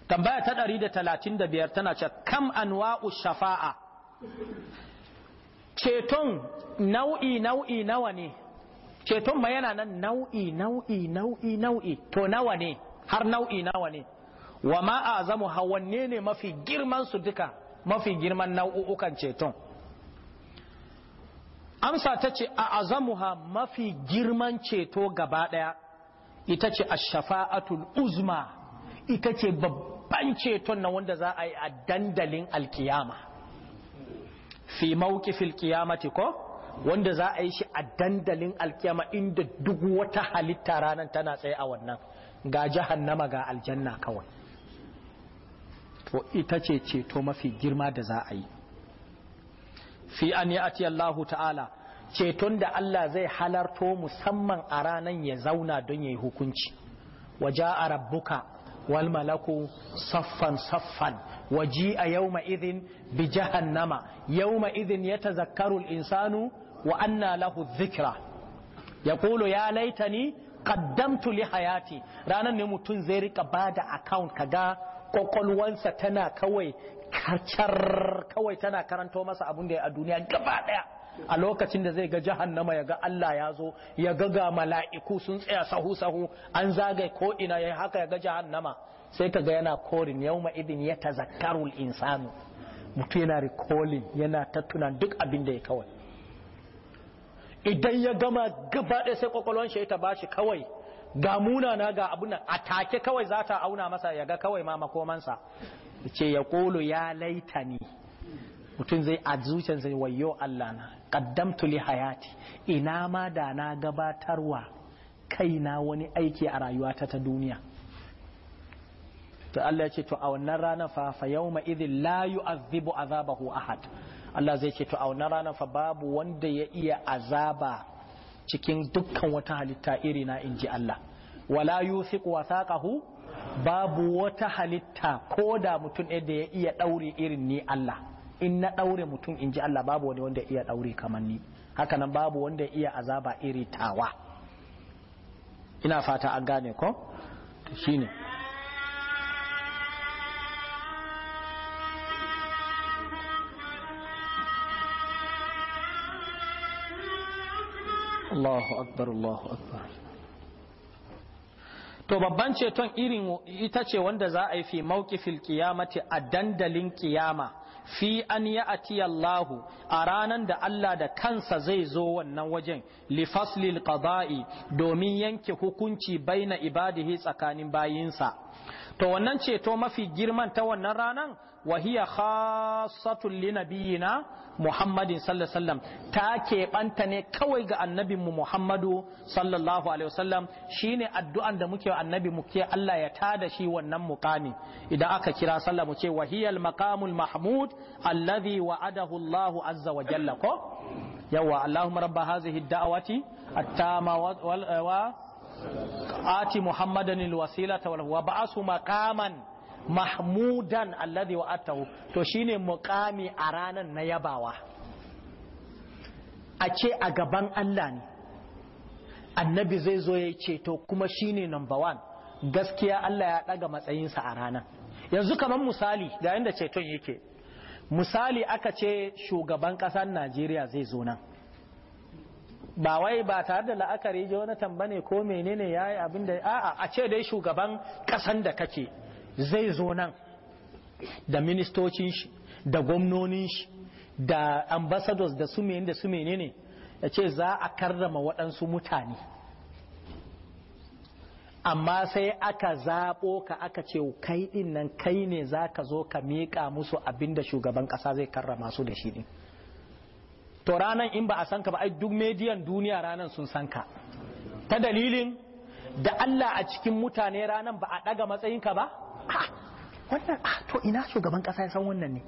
tambaya ta 135 tana ce kam anwa'u shafa'a ceton nau'i nau'i nawa ne ceton ma yana nan nau'i nau'i nau'i nau'i to nawa ne har nau'i nawa ne wa ma azamu hawanne ne mafi girman su duka mafi girman nau'ukan ceton amsa ta ce a azamuha mafi girman ceto gaba daya ita ce ashafa'atul uzma ita ce babban ceton na wanda za a yi a dandalin alkiyama fi mawqifil kiyamati ko wanda za a yi shi a dandalin alkiyama inda duk wata halitta ranar tana tsaye a wannan ga jahannama ga aljanna kawai to ita ce ceto mafi girma da za a yi fi an yi ati Allahu ta'ala ceton da Allah zai halarto musamman a ranar ya zauna don ya yi hukunci waje a rabbuka Walmalaku saffan saffan saffan waji'a yawma idhin bi jahannama yawma ya ta zakarul insanu wa anna lahu dhikra yaqulu ya laitani qaddamtu li hayati ranan ne mutun zai rika bada account kaga kokolwansa tana kawai kacar kawai tana karanto masa abun da ya a duniya gabaɗaya. a lokacin da zai ga jahannama ya ga Allah ya zo ya ga ga mala'iku sun tsaya sahu sahu an zagaye ko'ina ya haka ya ga jahannama sai ka ga yana korin yauma idin ya zakarul insanu mutum yana rikolin yana tattunan duk abin da ya kawai idan ya gama gaba ɗaya sai kwakwalwan shi ta bashi kawai ga munana ga abin a take kawai za ta auna masa ya ga kawai ma makomansa ce ya kolo ya laita ni mutum zai a zai wayo Allah na qaddamtu li hayati ina ma da na gabatarwa kaina wani aiki a rayuwata ta duniya to Allah ya ce to a wannan rana fa fa yawma a la yu'adhibu azabahu ahad Allah zai ce to a wannan ranar fa babu wanda ya iya azaba cikin dukkan wata halitta iri na inji Allah wala yuthiqu wathaqahu babu wata halitta ko da mutum da ya iya daure irin ni Allah in na ɗaure mutum in ji Allah babu wani wanda iya ɗaure kamar ni haka nan babu wanda iya azaba iri tawa ina fata an gane ko shine Allahu akbar Allahu akbar to babban ceton irin ita ce wanda za a yi fi fil kiyamati a dandalin kiyama fi an ya atiyallahu a ranan da Allah da kansa zai zo wannan wajen lifaslil qada'i domin yanke hukunci baina ibadihi tsakanin bayinsa to wannan ceto mafi girman ta wannan ranan wa hiya khassatul linabiyina Muhammadin sallallahu ta keɓanta ne kawai ga annabinmu mu Muhammadu sallallahu alaihi wasallam shine addu'an da muke wa annabi mu ke Allah ya da shi wannan muqami idan aka kira sallah mu wahiyar wa hiyal maqamul mahmud alladhi wa'adahu Allah azza wa jalla ko yawa Allahumma rabb hadhihi ad-da'wati ati mahmudan alladhi atahu to shine muqami a ranan na yabawa a ce a gaban Allah ne annabi zai zo ya ceto kuma shine number one gaskiya Allah ya daga matsayinsa a ranan yanzu kamar misali ga inda ceton yake misali aka ce shugaban kasar Najeriya zai zo nan ba wai ba tare da la'akari Jonathan bane ko menene yayi abin da a'a a ce dai shugaban ƙasan da kake zai zo nan da ministocin shi da gwamnonin shi da ambassadors da su da su menene ya ce za a karrama waɗansu mutane amma sai aka zaɓo ka aka ce kai ɗin nan kai ne za ka zo ka miƙa musu abinda shugaban ƙasa zai karrama su da shi ne to ranar in ba a san ka ba ai duk mediyan duniya ranar sun san ka ta dalilin da Allah a cikin mutane ranar ba a ɗaga matsayinka ba wannan ah, to ina shugaban kasa ya san wannan ne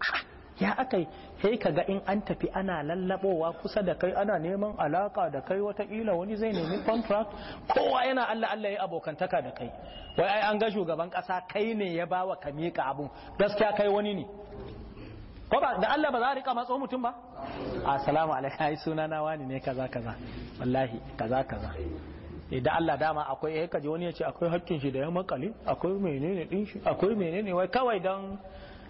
ah, ya aka yi ka ga in an tafi ana lallabowa kusa da kai ana neman alaka da kai watakila wani zai nemi contract kowa yana Allah Allah ya abokantaka da kai wai ai an ga shugaban kasa kai ne ya bawa ka miƙa abun gaskiya kai wani ne ko ba da Allah ba za a rika matso mutum ba assalamu alaikum ai sunana wani ne kaza kaza wallahi kaza kaza Eh, da Allah dama akwai eh kaje wani ya ce akwai hakkin shi da ya makale akwai menene din shi akwai menene wai kawai dan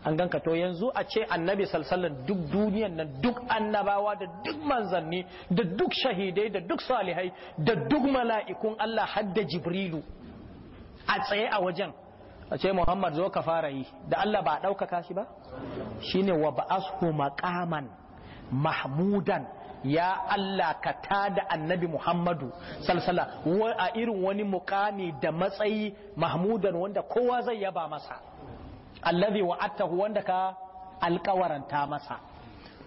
an ganka to yanzu a ce annabi sallallahu duk duniyan nan duk annabawa da duk manzanni da duk shahidai da duk salihai da duk mala'ikun Allah hadda jibrilu a tsaye a wajen a ce Muhammad zo ka fara yi da Allah ba a ɗaukaka shi ba shine wa ba'ashu maqaman mahmudan ya Allah ka tada annabi Muhammadu sallallahu a irin wani mukami da matsayi mahmudan wanda kowa zai yaba masa allazi wa'atahu wanda ka alkawaranta masa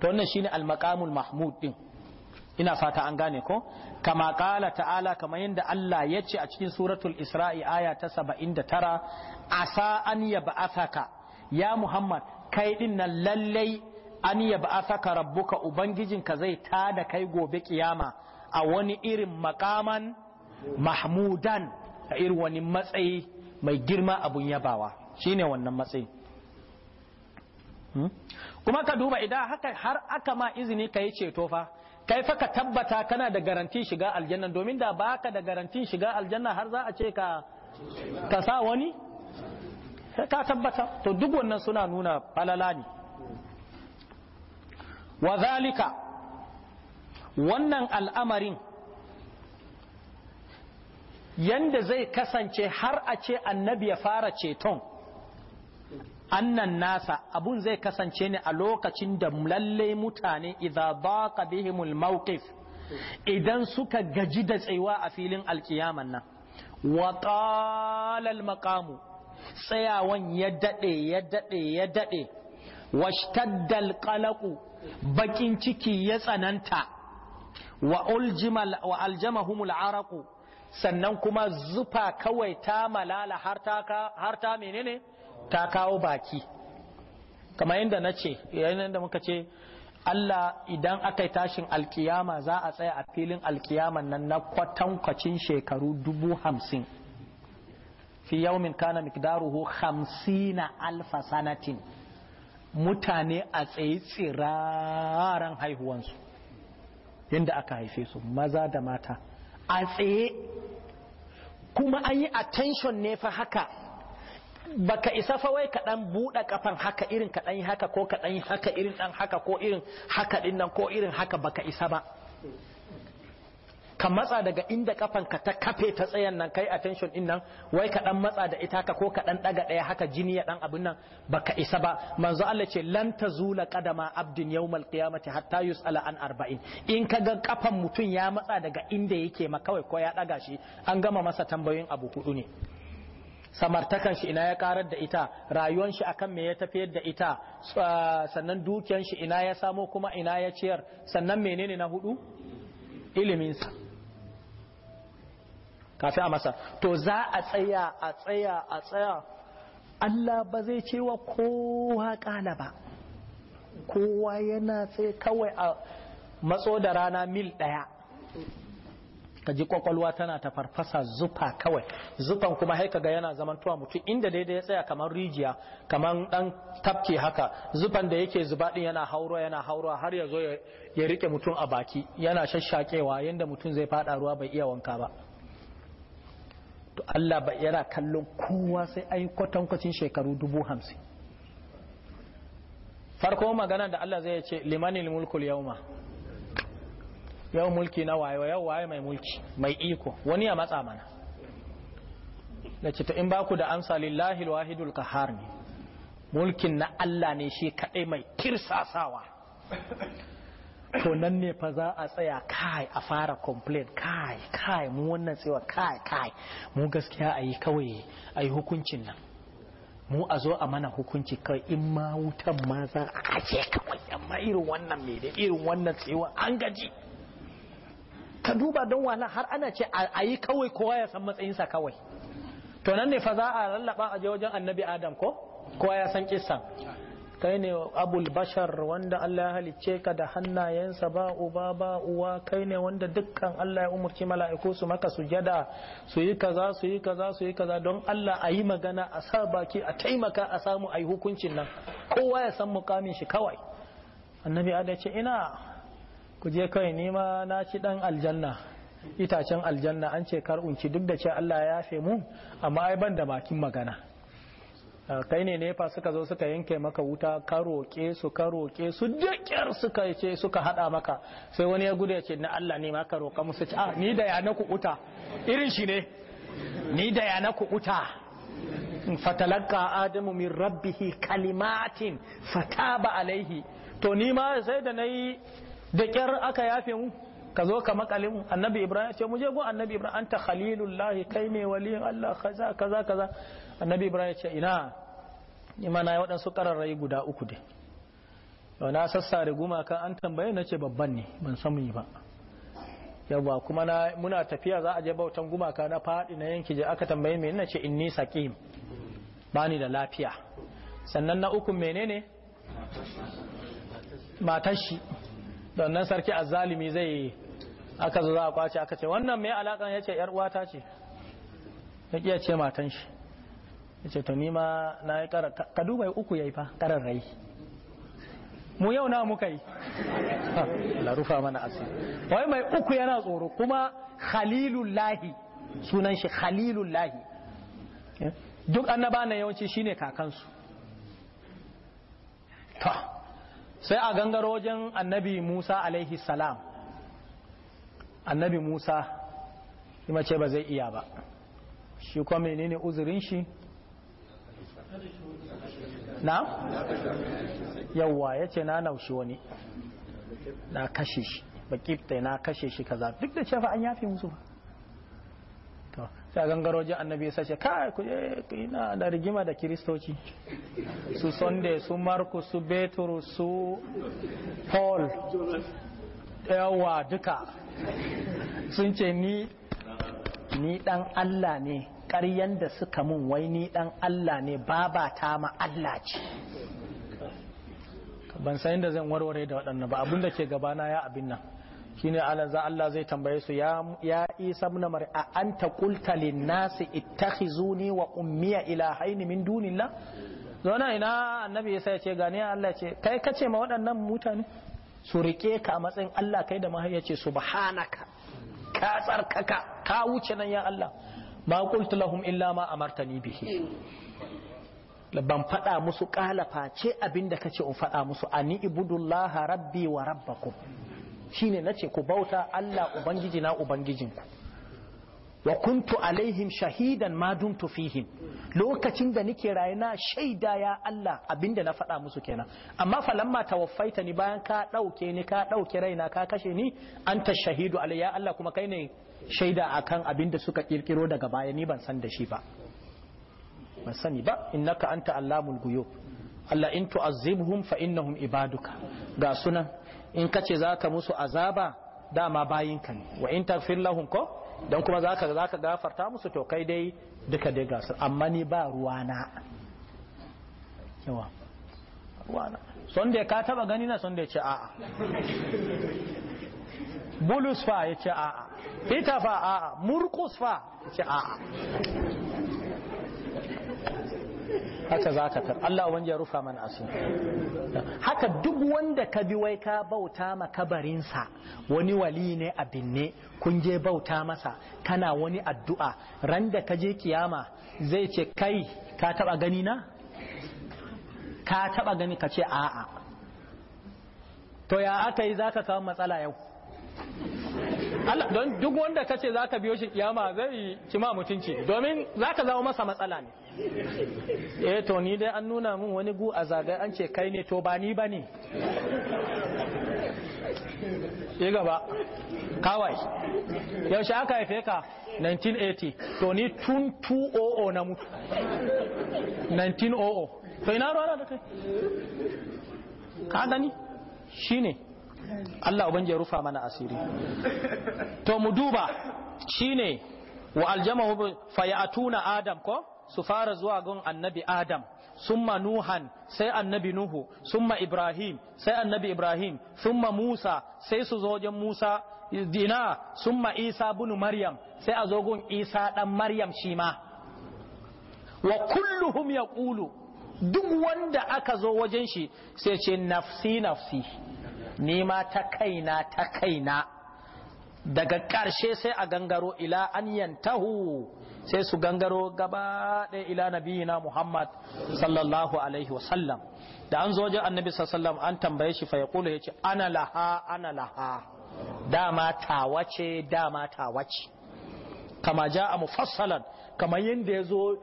to wannan shine almaqamul mahmud din ina fata an gane ko kama kala ta'ala kamar yadda Allah ya ce a cikin suratul isra'i aya ta 79 asa an yab'athaka ya muhammad kai din nan lallai an ka rabbuka ka zai ta da kai gobe kiyama a wani irin makaman mahmudan a irin wani matsayi mai girma abun yabawa shine wannan matsayi hmm? kuma ka duba idan haka har aka ma izini ka yi ceto fa kai fa ka tabbata kana da garantin shiga aljanna domin da baka da garantin shiga aljanna har za a ce ka ka sa wani ka tabbata to duk wannan suna nuna falala ne wa wannan al'amarin yanda zai kasance har a ce annabi ya fara ceton annan nasa abun zai kasance ne a lokacin da lalle mutane ba ka bihimul mawqif idan suka gaji da tsayuwa a filin alkiyaman nan wa talal maqamu tsayawan ya dade ya dade ya dade washtaddal qalaqu bakin ciki ya tsananta wa aljamahumul araku sannan kuma zufa kawai ta malala har ta menene ta kawo baki kamar yadda na ce yayin da muka ce Allah idan aka tashin alkiyama za a tsaya a filin alkiyaman nan na kwatankwacin shekaru dubu hamsin fi yaumin kana mikdaruhu hamsina alfa sanatin mutane a tsaye tsiraran haihuwansu yadda aka haife su maza da mata a tsaye kuma an yi attention ne fa haka baka isa fa wai kaɗan buɗe ƙafan haka irin kaɗan yi haka ko kaɗan yi haka irin ɗan haka ko irin haka ɗin nan ko irin haka baka isa ba ka matsa daga inda kafan ka ta kafe ta tsayan nan kai attention din nan wai ka dan matsa da ita ka ko ka dan daga daya haka jini ya dan abin nan baka isa ba manzo Allah ce lan tazula qadama abdin yawmal qiyamati hatta yusala an arba'in in ka ga kafan mutun ya matsa daga inda yake ma kawai ko ya daga shi an gama masa tambayoyin abu hudu ne samartakan shi ina ya karar da ita rayuwan shi akan me ya tafiyar da ita sannan dukiyan shi ina ya samo kuma ina ya ciyar sannan menene na hudu iliminsa Kafi a masa to za a tsaya a tsaya a tsaya Allah ba zai ce wa kowa kala ba kowa yana tsaye kawai a matso da rana mil ɗaya ka ji kwakwalwa tana ta farfasa zufa kawai zufan kuma haika ga yana zaman tuwa mutum inda daidai ya tsaya kamar rijiya kamar dan tafke haka zufan da yake zuba din yana hauro yana hauro har ya zo ya rike mutum a baki yana shashakewa yanda mutum zai fada ruwa bai iya wanka ba to Allah ba yana kallon kowa sai an yi kwatankwacin shekaru dubu hamsin farko magana da Allah zai ce limanil mulkul yauma yau mulki na wayo yau waye mai mulki mai iko wani ya matsa mana da ta in baku da amsa lillahi wahidul kahar ne mulkin na Allah ne shi kadai mai kirsasawa to nan ne fa za a tsaya kai a fara complain kai kai mu wannan tsewa kai kai mu gaskiya a yi kawai a yi hukuncin nan mu a zo a mana hukunci kawai in ma wutan ma za a kace kawai amma irin wannan me da irin wannan tsewa an gaji ka duba don wala har ana ce a yi kawai kowa ya san matsayin sa kawai to nan ne fa za a lallaba a je wajen annabi adam ko kowa ya san kissan kai ne abul bashar wanda Allah ya halicce ka da hannayensa ba uba ba uwa kai ne wanda dukkan Allah ya umurci mala'iku su maka sujada su yi kaza su yi kaza su yi kaza don Allah a yi magana a sa baki a taimaka a samu a yi hukuncin nan kowa ya san mukamin shi kawai annabi ada ce ina ku je kai ni ma na ci dan aljanna itacen aljanna an ce kar duk da ce Allah ya yafe mu amma ai ban da bakin magana Eh, kai ne nefa suka zo suka yanke maka wuta ka roƙe su ka roƙe su daƙyar suka ce suka haɗa maka sai wani ya gudu ya ce na Allah ne maka roƙa musu ce ah, ni da ya na kuɓuta irin shi ne ni da ya na kuɓuta fatalaka adamu min rabbihi kalimatin fataba alaihi to ni ma sai da nayi da kyar aka yafe mu ka zo ka makalin annabi ibrahim ce mu je gun annabi ibrahim anta khalilullahi kai ne wali allah kaza kaza kaza annabi ibrahim ce ina ima na yi waɗansu ƙararrayi guda uku dai yau na sassare gumaka an tambaye na ce babban ne ban samu ba yawa kuma muna tafiya za a je bautan gumaka na faɗi na yanki je aka tambaye mai na ce in nisa ba ni da lafiya sannan na uku menene matashi don nan sarki zalimi zai aka zo za a kwace aka ce wannan mai alaƙan ya ce uwata ce ya ce matan shi yace to ni ma na yi kara ka duba uku yayi fa karar rai mu yau na muka yi la rufa mana asiri wai mai uku yana tsoro kuma khalilullahi sunan shi khalilullahi duk annaba na yawanci shine kakansu to sai a gangaro wajen annabi Musa alaihi salam annabi Musa kuma ce ba zai iya ba shi kuma menene uzurin shi na? yawwa ya ce na naushi wani na kashe shi bakifta na kashe shi kaza duk da cefa an yafi musu ba to sai gangarojin annabi ya sace kai ku ina da rigima da kiristoci su sunday su marku su betoro su paul yawwa duka sun ce ni ni dan Allah ne ƙaryan da suka mun wai ni dan Allah ne babata ma Allah ce ban san inda zan warware da waɗannan ba abinda ke gabana ya abin nan shine alanza Allah zai tambaye su ya ya Isa ibn Maryam anta qulta lin nasi ittakhizuni wa ummiya ilahaini min dunillah zona ina annabi Isa ya ce gani Allah ce kai kace ma waɗannan mutane su rike ka a matsayin Allah kai da mahayyace subhanaka ka tsarkaka ka wuce nan ya Allah ma qultu lahum illa ma amartani bihi ban faɗa musu ƙalafa ce abinda kace in faɗa musu ani ibudullaha rabbi wa rabbakum shine nace ku bauta Allah ubangiji na ubangijinku wa kuntu alaihim shahidan ma dumtu fihim lokacin da nike raye na shaida ya Allah abinda na faɗa musu kenan amma lamma tawaffaita ni bayan ka ɗauke ni ka ɗauke raina ka kashe ni anta shahidu ya Allah kuma kai ne shaida akan abinda suka kirkiro daga baya ni ban san da shi ba ban sani ba innaka anta allamul guyub Allah in tu'azzibhum fa innahum ibaduka ga sunan in kace zaka musu azaba dama bayinka ne wa in taghfir lahum ko don kuma za zaka gafarta musu to kai dai duka dai gasar amma ni ba ruwana yawa ruwana sonde ka taba gani na ya ce a'a bulus fa ya ce a'a fita fa a'a murkus fa ya ce a'a haka za ka tar Allah wani ya rufa mana asu haka duk wanda ka bi wai ka bauta ma kabarinsa wani wali ne a binne kun je bauta masa kana wani addu'a ran da ka je kiyama zai ce kai ka taba gani na ka taba gani ka ce a'a to ya aka yi za ka kawo matsala yau don duk wanda ce za ta biyo shi kiyama zai kima mutunci domin za ka zama masa matsala ne eh to ni dai an nuna min wani gu a zagai an ce kai ne to ba ni ne yi gaba kawai yaushe aka haife ka 1980 to ni tun 2000 na mutu 1900 to ina ruwa da kai ka gani ne. Allah ubangiji ya rufa mana asiri to mu duba shine wa aljamahu fayatuna adam ko su fara zuwa gun annabi adam summa nuhan sai annabi nuhu summa ibrahim sai annabi ibrahim summa musa sai su zo wajen musa dina summa isa bunu maryam sai a zo gun isa dan maryam shi ma wa kulluhum yaqulu duk wanda aka zo wajen shi sai ce nafsi nafsi nima ta kaina ta kaina daga ƙarshe sai a gangaro ila an yantahu sai su gangaro gaba ila nabiyina Muhammad sallallahu alaihi wasallam da an zo annabi sallallahu an tambaye shi fa ya ce ana laha ana laha dama tawace dama tawace kama jaa mufassalan kamar yadda ya zo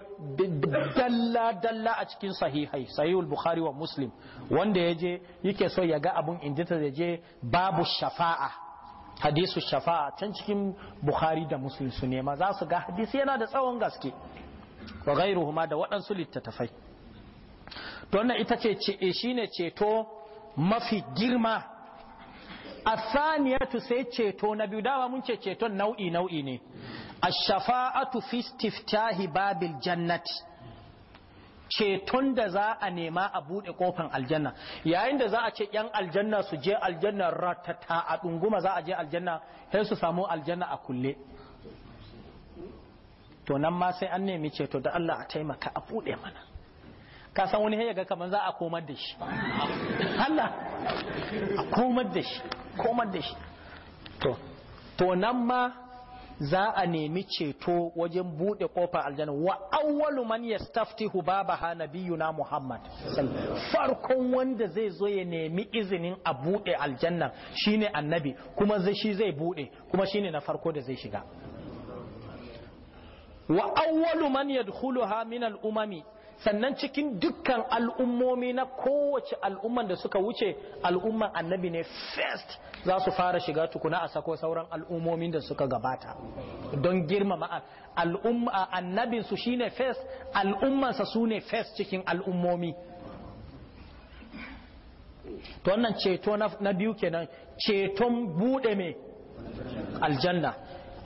dalla-dalla a cikin sahihai sahihul bukhari wa muslim wanda ya je yake so ya ga abun indita da je babu shafa'a hadisu shafa'a can cikin bukhari da muslim su nema za su ga hadisi yana da tsawon gaske wa huma da waɗansu littattafai to wannan ita ce eh, shine ceto mafi girma asaniyatu sai ceto na biyu dama mun ce ceton nau'i nau'i ne ash-shafa'atu fi istiftahi babil jannati ceton da za a nema a bude kofan aljanna yayin da za a ce yan aljanna su je aljanna ratata a dunguma za a je aljanna sai su samu aljanna a kulle to nan ma sai an nemi ceto da Allah a taimaka a bude mana ka san wani yaga kamar za a komar da shi Allah a komar da shi komar da shi to to nan ma za a nemi ceto wajen bude kofar aljanna wa awwalu man yastaftihu babaha nabiyuna muhammad farkon wanda zai zo ya nemi izinin a bude aljanna shine annabi kuma zai shi zai bude kuma shine na farko da zai shiga wa awwalu man yadkhuluha min al-umami sannan cikin dukkan al'ummomi na kowace al'umman da suka wuce al'umman annabi ne first za su fara shiga tukuna a sako sauran al'ummomin da suka gabata don girmama al'umma annabinsu shine first al'ummansa su ne first cikin al'ummomi to wannan ceto na biyu kenan ceton bude mai aljanna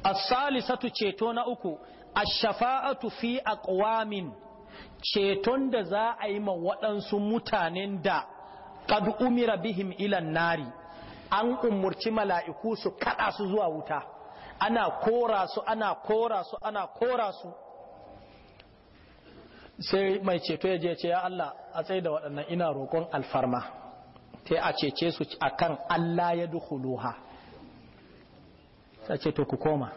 as-salisatu ceto na uku ash-shafa'atu fi aqwamin ceton da za a yi ma waɗansu mutanen da qad umira bihim ilan nari an umurci mala'iku su kaɗa su zuwa wuta ana kora su ana kora su ana kora su sai mai ceto ya je ce ya Allah a tsaye da waɗannan ina roƙon alfarma sai a cece su kan Allah ya dukhuluha sai ce to ku koma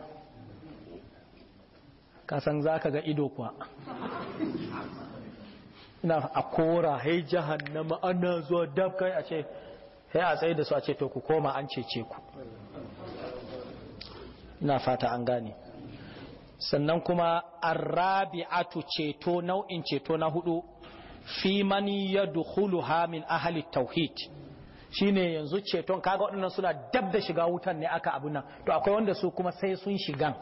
kasan za ka ga ido kuwa Ina a kora hai jahannama ana zuwa dab kai a ce sai a tsaye da su a ce to ku koma an cece ku ina fata an gane sannan kuma arrabi'atu ceto nau'in ceto na hudu fi man ha min ahli tauhid shine yanzu ceton kaga waɗannan suna dab da shiga wutan ne aka abunan to akwai wanda su kuma sai sun shigan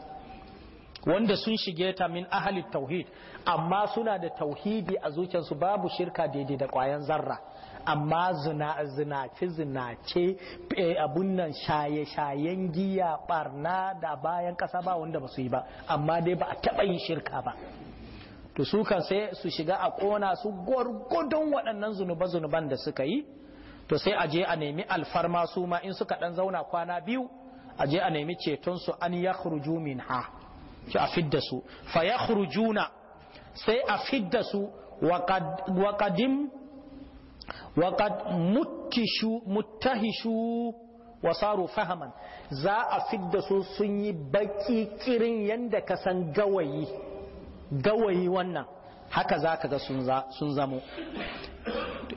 wanda sun shige ta min ahali tauhid amma suna da tauhidi a zuciyarsu babu shirka daidai da kwayan zarra amma zina zinace zinace eh, abun nan shaye shayen giya barna da bayan kasa ba wanda ba su yi ba amma dai ba a taba yin shirka ba to su kan sai su shiga a kona su gwargwadon waɗannan zunuba zunuban da suka yi to sai a je a nemi alfarma su ma in suka dan zauna kwana biyu a je a nemi ceton su an yakhruju minha a fidda su fa sai a fidda su wa qadim wa qad muttishu muttahishu wa saru fahaman za a fidda su sun yi baki kirin yanda ka san gawayi gawayi wannan haka za ka ga sun zamo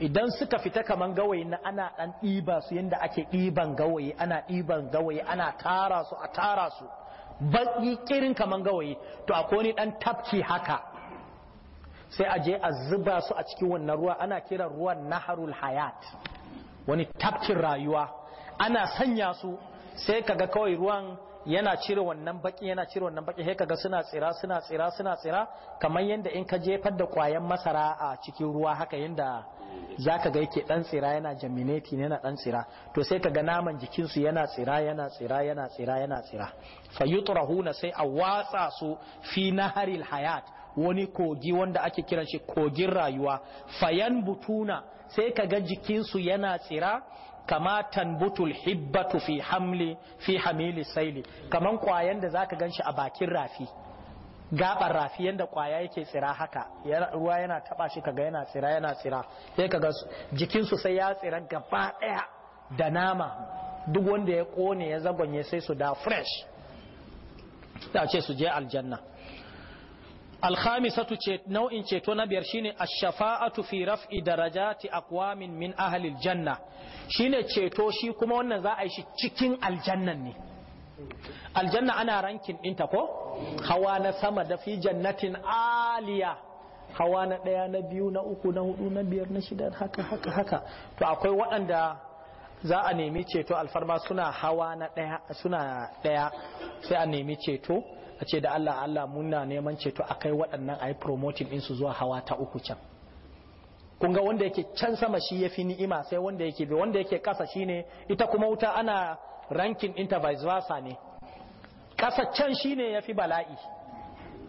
idan suka fita kaman gawayi na ana dan ɗiba su yadda ake ɗiban gawayi ana ɗiban gawayi ana tara su a tara su yi kirin kaman gawayi to akwai wani dan tafki haka sai a je a zuba su a cikin wannan ruwa ana kiran ruwan naharul hayat wani tafkin rayuwa ana sanya su sai kaga kawai ruwan yana cire wannan baki yana cire wannan baki sai kaga suna tsira suna tsira suna tsira kamar yanda in ka jefar da kwayan masara a cikin ruwa haka yanda za ka ga yake dan tsira yana jaminati yana dan tsira to sai ka ga naman jikinsu yana tsira yana tsira yana tsira yana tsira fa na sai a watsa su fi naharil hayat wani kogi wanda ake kiran shi kogin rayuwa fayan butuna sai ka ga jikinsu yana tsira kama tanbutul hibbatu fi hamli fi hamili saili kaman kwayan da zaka gan shi a bakin rafi gabar rafi yadda kwaya yake tsira haka ruwa yana taba shi kaga yana tsira yana tsira sai kaga jikin su sai ya tsira gaba daya da nama duk wanda ya kone ya zagonye sai su da fresh da ce su je aljanna alkhamisatu ce nau'in ceto na biyar shine ash-shafa'atu fi raf'i darajati aqwamin min ahli aljanna shine ceto shi kuma wannan za a yi shi cikin aljannan ne aljanna ana rankin ɗinta ko hawa na sama da fi jannatin aliya hawa na ɗaya na biyu na uku na hudu na biyar na shida haka haka haka to akwai waɗanda za a nemi ceto alfarma suna hawa na ɗaya suna ɗaya sai a nemi ceto a ce da Allah Allah muna neman ceto a kai waɗannan a yi promoting ɗinsu zuwa hawa ta uku can kun ga wanda yake can sama shi ya fi ni'ima sai wanda yake bi wanda yake ƙasa shine ita kuma wuta ana rankin ɗinta vice versa ne ƙasa can shine ya fi bala'i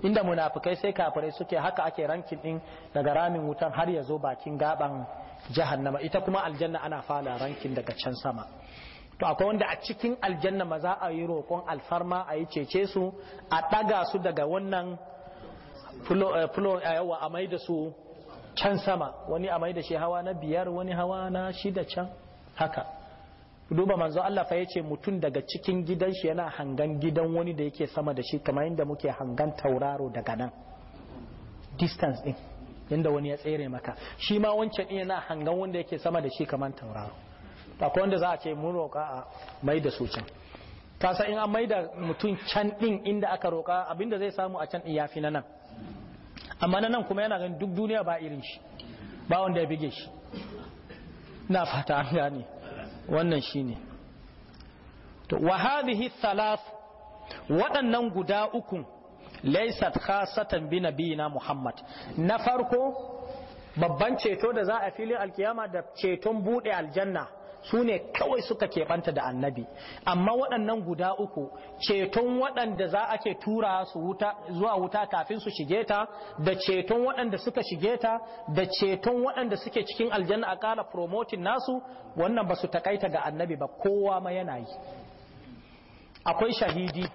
inda munafukai sai kafirai suke haka ake rankin ɗin daga ramin wutan har ya zo bakin gaban jahannama ita kuma aljanna ana fara rankin daga can sama to akwai wanda a cikin aljanna ma za a yi roƙon alfarma a yi cece su a ɗaga su daga wannan fulo a eh, eh, yawa a mai da su can sama wani a mai da shi hawa na biyar wani hawa na shida can haka duba manzo Allah fa yace mutum daga cikin gidan shi yana hangan gidan wani da yake sama da shi kamar yadda muke hangan tauraro daga nan distance din Yanda wani ya tsere maka shi ma wancan din yana hangan wanda yake sama da shi kamar tauraro akwai wanda za a ce mun roƙa a mai da su can kasa in an mai da mutum can din inda aka roƙa abinda zai samu a can din yafi na nan amma na nan kuma yana ganin duk duniya ba irin shi ba wanda ya bige shi na fata an gane wannan shine to wa hadhihi thalath waɗannan guda uku laysat khasatan bi nabiyina muhammad na farko babban ceto da za a fili alkiyama da ceton bude aljanna su ne kawai suka keɓanta da annabi amma waɗannan guda uku ceton waɗanda za a ke tura zuwa wuta kafin su shige ta da ceton waɗanda suka shige ta da ceton waɗanda suke cikin aljanna a ƙara promoting nasu wannan ba su takaita ga annabi ba kowa ma yana yi akwai shahidi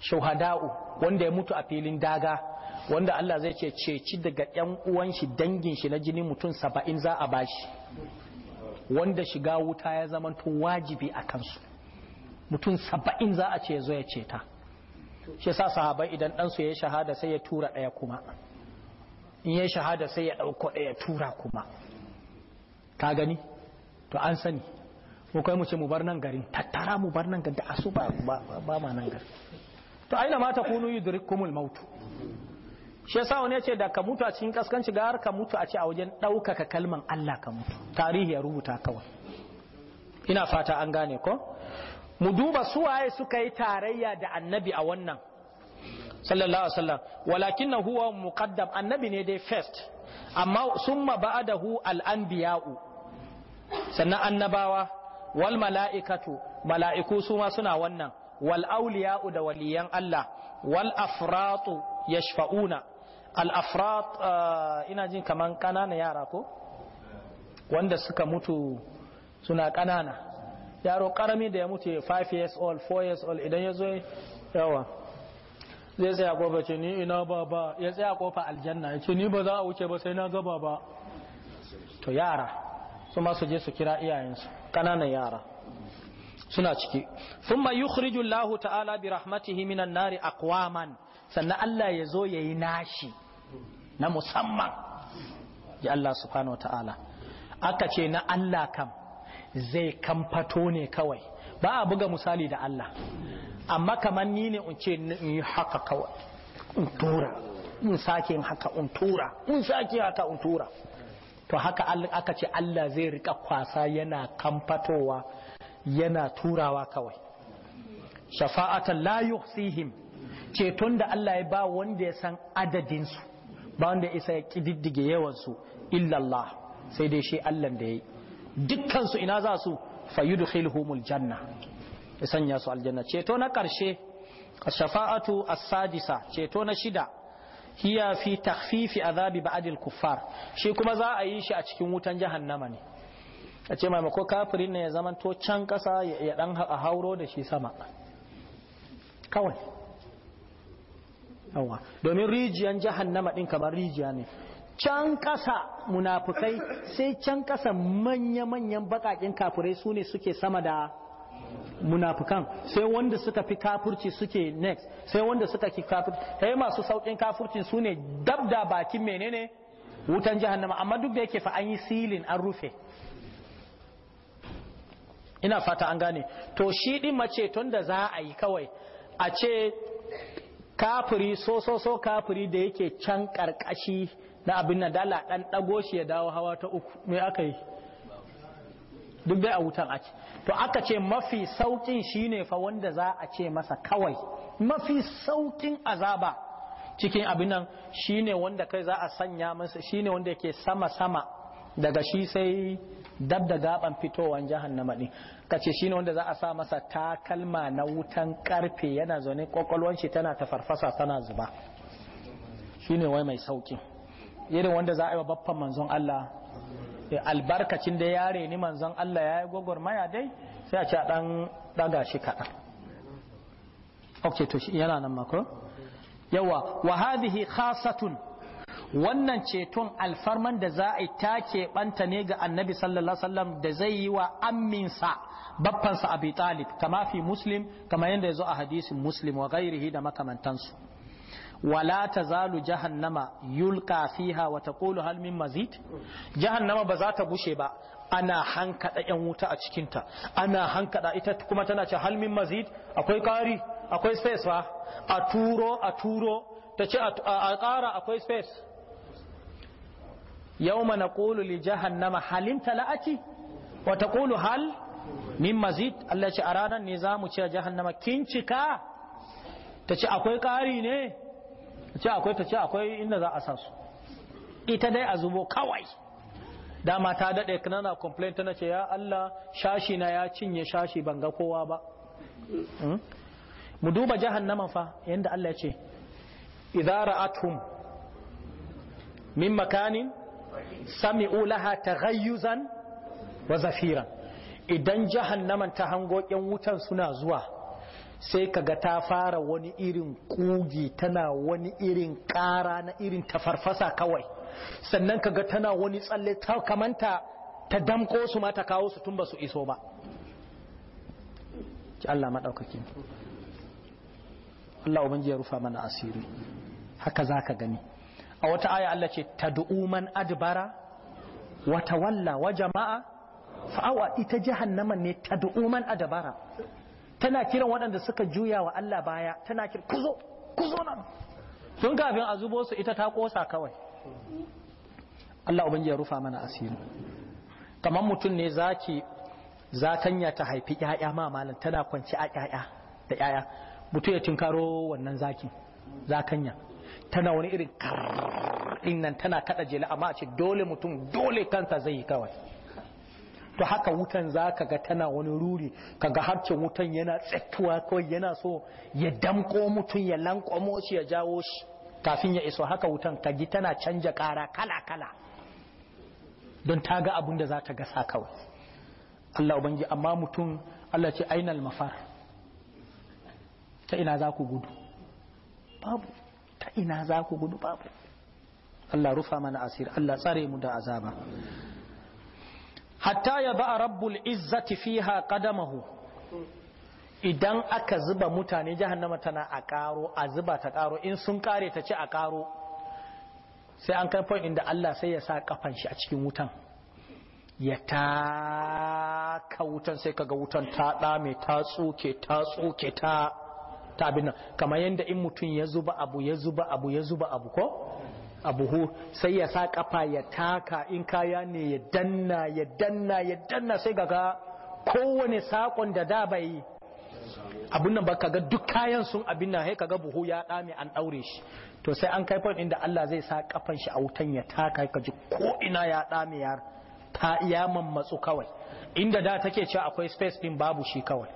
shuhada'u wanda ya mutu a filin daga wanda Allah zai ce ceci daga 'yan uwan shi dangin shi na jini mutum saba'in za a bashi wanda shiga wuta ya zamanto wajibi a kansu mutum saba'in za a ce zo ya ceta shi sa sahabai idan ɗansu ya yi shahada sai ya tura ɗaya kuma in ya yi shahada sai ya ɗauko ɗaya tura kuma ka gani to an sani mu kai mu ce mu bar nan garin tattara mu bar nan garin da asu ba ma nan garin to aina mata ta kunu yudrikumul mautu shi yasa wani yace da ka mutu a cikin kaskanci ga har ka mutu a ce a wajen ɗaukaka kalman Allah ka mutu tarihi ya rubuta kawai ina fata an gane ko mu duba su waye suka yi tarayya da annabi a wannan sallallahu alaihi wasallam walakinna huwa muqaddam annabi ne dai first amma summa ba'dahu al-anbiya'u sannan annabawa wal mala'ikatu mala'iku su ma suna wannan wal auliya'u da waliyan Allah wal afratu yashfa'una al uh, ina jin kaman kanana yara ko wanda suka mutu suna kanana yaro karami da ya mutu 5 years old 4 years old idan ya zo yawa zai tsaya kofa ce ni ina ba ba ya tsaya kofa aljanna ya ce ni ba za a wuce ba sai na gaba ba to yara su masu je su kira iyayensu kananan yara suna ciki thumma yukhrijullahu ta'ala bi rahmatihi minan nari aqwaman sannan Allah ya zo ya yi nashi na musamman ya Allah subhanahu ta'ala aka ce na Allah kam zai kamfato ne kawai ba a buga misali da Allah amma kamar ni ne in ce in yi haka kawai in tura in sake haka in tura in sake haka in tura to haka aka ce Allah zai rika kwasa yana kamfatowa yana turawa kawai shafa'atan la yuhsihim ceton da Allah ya ba wanda ya san adadinsu ba wanda isa ya kididdige yawansu illallah sai dai shi Allah da yayi dukkansu ina za su humul janna ya sanya su aljanna ceto na a shafa'atu a sadisa ceto na shida hiya fi a azabi ba'adil kuffar shi kuma za a yi shi a cikin wutan jahannama ne a ce maimako kafirin ne ya zamanto can ƙasa ya ɗan hauro da shi sama kawai yawa domin rijiyan jahannama din kamar rijiya ne can kasa munafukai sai can kasa manya-manyan bakakin kafurai su ne suke sama da munafukan sai wanda suka fi kafurci suke next sai wanda suka fi kafurci sai masu sauƙin kafurcin su ne dab da bakin menene wutan jahannama amma duk da yake fa an yi silin an rufe ina fata an gane to shi ɗin mace tun da za a yi kawai a ce kafiri so so so kafiri da yake can karkashi na abin na dala dan dago shi ya dawo hawa ta uku me aka yi duk dai a wutan ake to aka ce mafi saukin shine fa wanda za a ce masa kawai mafi saukin azaba cikin abin nan shine wanda kai za a sanya masa shine wanda yake sama sama daga shi sai dab da gaban fitowar jahannama din kace shine wanda za a sa masa takalma na wutan karfe yana zaune kwakwalwan shi tana ta farfasa tana zuba shine wai mai sauki irin wanda za a yi wa baffan manzon Allah eh, albarkacin da yare ni manzon Allah ya yi gwagwarmaya dai sai a ce a dan daga shi kaɗan okay to shi yana nan mako yawa wa hadhihi khasatun wannan ceton alfarman da za a yi take banta ne ga annabi sallallahu alaihi wasallam da zai yi wa amminsa babbansa abi talib kama fi muslim kama yanda zo a hadisin muslim wa ghairihi da makamantansu wala ta tazalu jahannama yulka fiha wa taqulu hal min mazid jahannama ba za ta bushe ba ana hankada yan wuta a cikinta. ana hankada ita kuma tana ce halmin min mazid akwai kari akwai space fa a turo a turo ta ce a ƙara akwai space yawma naqulu li jahannama halim tala'ati wata taqulu hal min mazid Allah ce a ranar ne mu ce jahannama kin cika ta ce akwai ƙari ne ta ce akwai ta akwai inda za a sa su ita dai a zubo kawai dama ta daɗe kana complain tana ce ya Allah shashi na ya cinye shashi ban ga kowa ba mu duba jahannama fa yanda Allah ya ce idza ra'atuhum min makanin sami'u laha taghayyuzan wa zafiran idan jahannaman ta hango yan wutan suna zuwa sai kaga ta fara wani irin kugi tana wani irin ƙara na irin tafarfasa kawai sannan kaga tana wani tsalle ta kamanta ta damko su ma ta kawo su tun ba su iso ba ki Allah maɗaukaki Allah ubangiji ya rufa mana asiri haka zaka gani a wata aya Allah ce taduman man adbara wata walla wa jama'a fa'awa ita jahannama ne tad'u man adbara tana kiran waɗanda suka juya wa Allah baya tana kiran kuzo kuzo nan tun kafin a zubo su ita ta kosa kawai Allah ubangi ya rufa mana asiri kamar mutum ne zaki zatanya ta haifi 'ya'ya ma malam tana kwanci a ƴaƴa da ƴaƴa mutum ya tinkaro wannan zaki zakanya tana wani irin din nan tana kada jela amma a ce dole mutum dole kansa zai yi kawai to haka wutan za ka ga tana wani ruri ka ga harcin wutan yana tsakkuwa kawai yana so ya damko mutum ya lankwamo shi ya jawo shi kafin ya iso haka wutan ka ji tana canja kara kala kala don ta ga abin da za ta gasa kawai Allah ubangi amma mutum Allah ce ainal mafar ta ina za ku gudu babu ta ina za ku gudu babu Allah rufa mana asir Allah tsare mu da azaba hatta ya ba rabbul izzati fiha qadamahu idan aka zuba mutane jahannama tana a karo a zuba ta karo in sun kare ta ci a karo sai an kai point inda Allah sai ya sa kafan shi a cikin wutan ya taka wutan sai kaga wutan ta dame ta tsoke ta tsoke ta ta abin nan kamar yadda in mutum ya zuba abu ya zuba abu ya zuba abu ko a buhu sai ya sa kafa ya taka in kaya ne ya danna ya danna ya danna sai ga kowane sakon da da bai abin nan ba ga duk kayan sun abin nan sai kaga buhu ya dame an daure shi to sai an kai fan inda Allah zai sa kafan shi a wutan ya taka ka ji ko ina ya dame ya ta iya mammatsu kawai inda da take cewa akwai space din babu shi kawai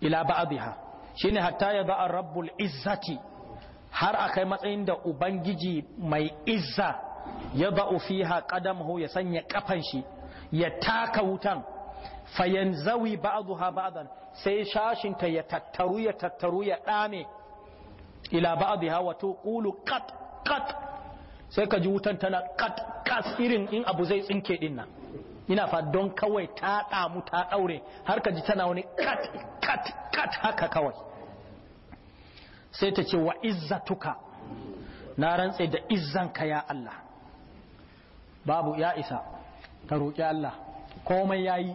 ila ba'dha shine hatta ya ba'a rabbul izzati har akai matsayin da ubangiji mai izza ya ba'u fiha qadamahu ya sanya kafan shi ya taka wutan fayanzawi ba'dha ba'dan sai shashin ta ya tattaru ya tattaru ya dame ila ba'dha wa tuqulu qat qat sai ka ji wutan tana kat qas irin in abu zai tsinke din nan ina fa don kawai ta damu ta ɗaure har ka ji tana wani kat kat kat haka kawai sai ta ce wa izzatuka na rantse da ka ya Allah babu ya isa ta roƙi Allah komai yayi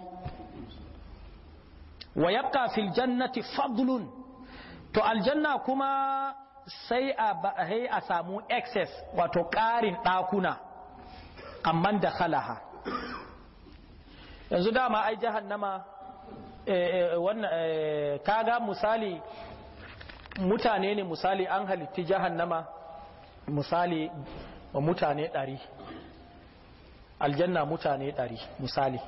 wa yabqa fil jannati fadlun to aljanna kuma sai a a samu excess wato ƙarin ɗakuna amman da khalaha yanzu dama ai jahannama eh, eh, eh, kaga misali mutane ne misali an halitti jahannama misali mutane ɗari aljanna mutane ɗari misali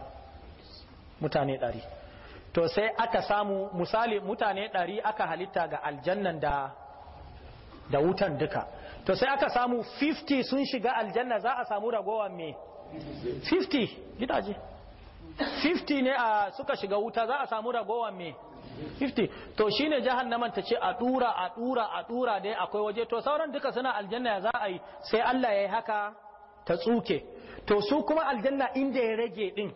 mutane ɗari to sai aka samu misali mutane ɗari aka halitta ga aljannan da da wutan duka to sai aka samu 50 sun shiga aljanna za a samu ragowa mai 50 gidaje 50 ne a suka shiga wuta za a samu ragowa me 50 to shine jahannaman ta ce a dura a dura a dura dai akwai waje to sauran duka suna aljanna za a yi sai Allah ya yi haka ta tsuke to su kuma aljanna inda ya rage din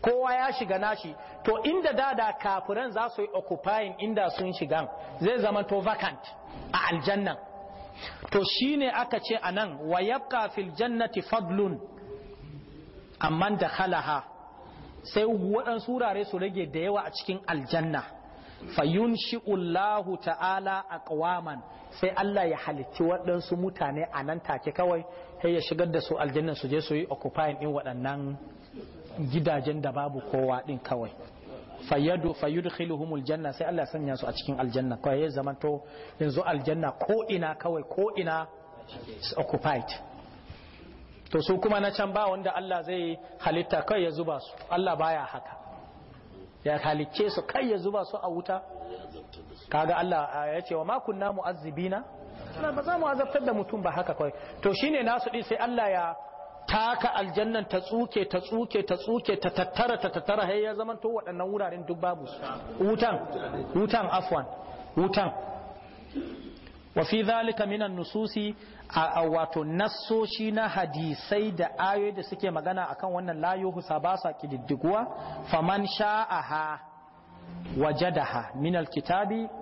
kowa ya shiga nashi to inda dada kafiran za su yi occupying inda sun shiga zai zama to vacant a Aljanna. to shine aka ce anan wa yabqa fil jannati fadlun amman dakhalaha sai waɗansu wurare su rage da yawa a cikin aljanna fayun shi'ullahu ta'ala a ƙawaman sai Allah ya halitti waɗansu mutane a nan take kawai sai ya shigar da su aljanna su je su yi occupying ɗin waɗannan gidajen da babu kowa ɗin kawai fayyadu fayyudkhiluhumul janna sai Allah sanya su a cikin aljanna kawai ya to yanzu aljanna ko ina kawai ko ina occupied to su kuma na can ba wanda Allah zai halitta kai ya zuba su Allah baya haka ya halicce su kai ya zuba su a wuta kaga Allah ya ce wa ma kunna mu'azzibina ba za mu azabtar da mutum ba haka kawai to shine nasu din sai Allah ya taka aljannan ta tsuke ta tsuke ta tsuke ta tattara ta tattara har ya zamanto waɗannan wuraren duk babu wutan wutan afwan wutan wa fi minan nususi a wato nassoshi na hadisai da ayoyi da suke magana akan wannan husa ba sa kididdiguwa faman sha'aha wajadaha minal kitabi wa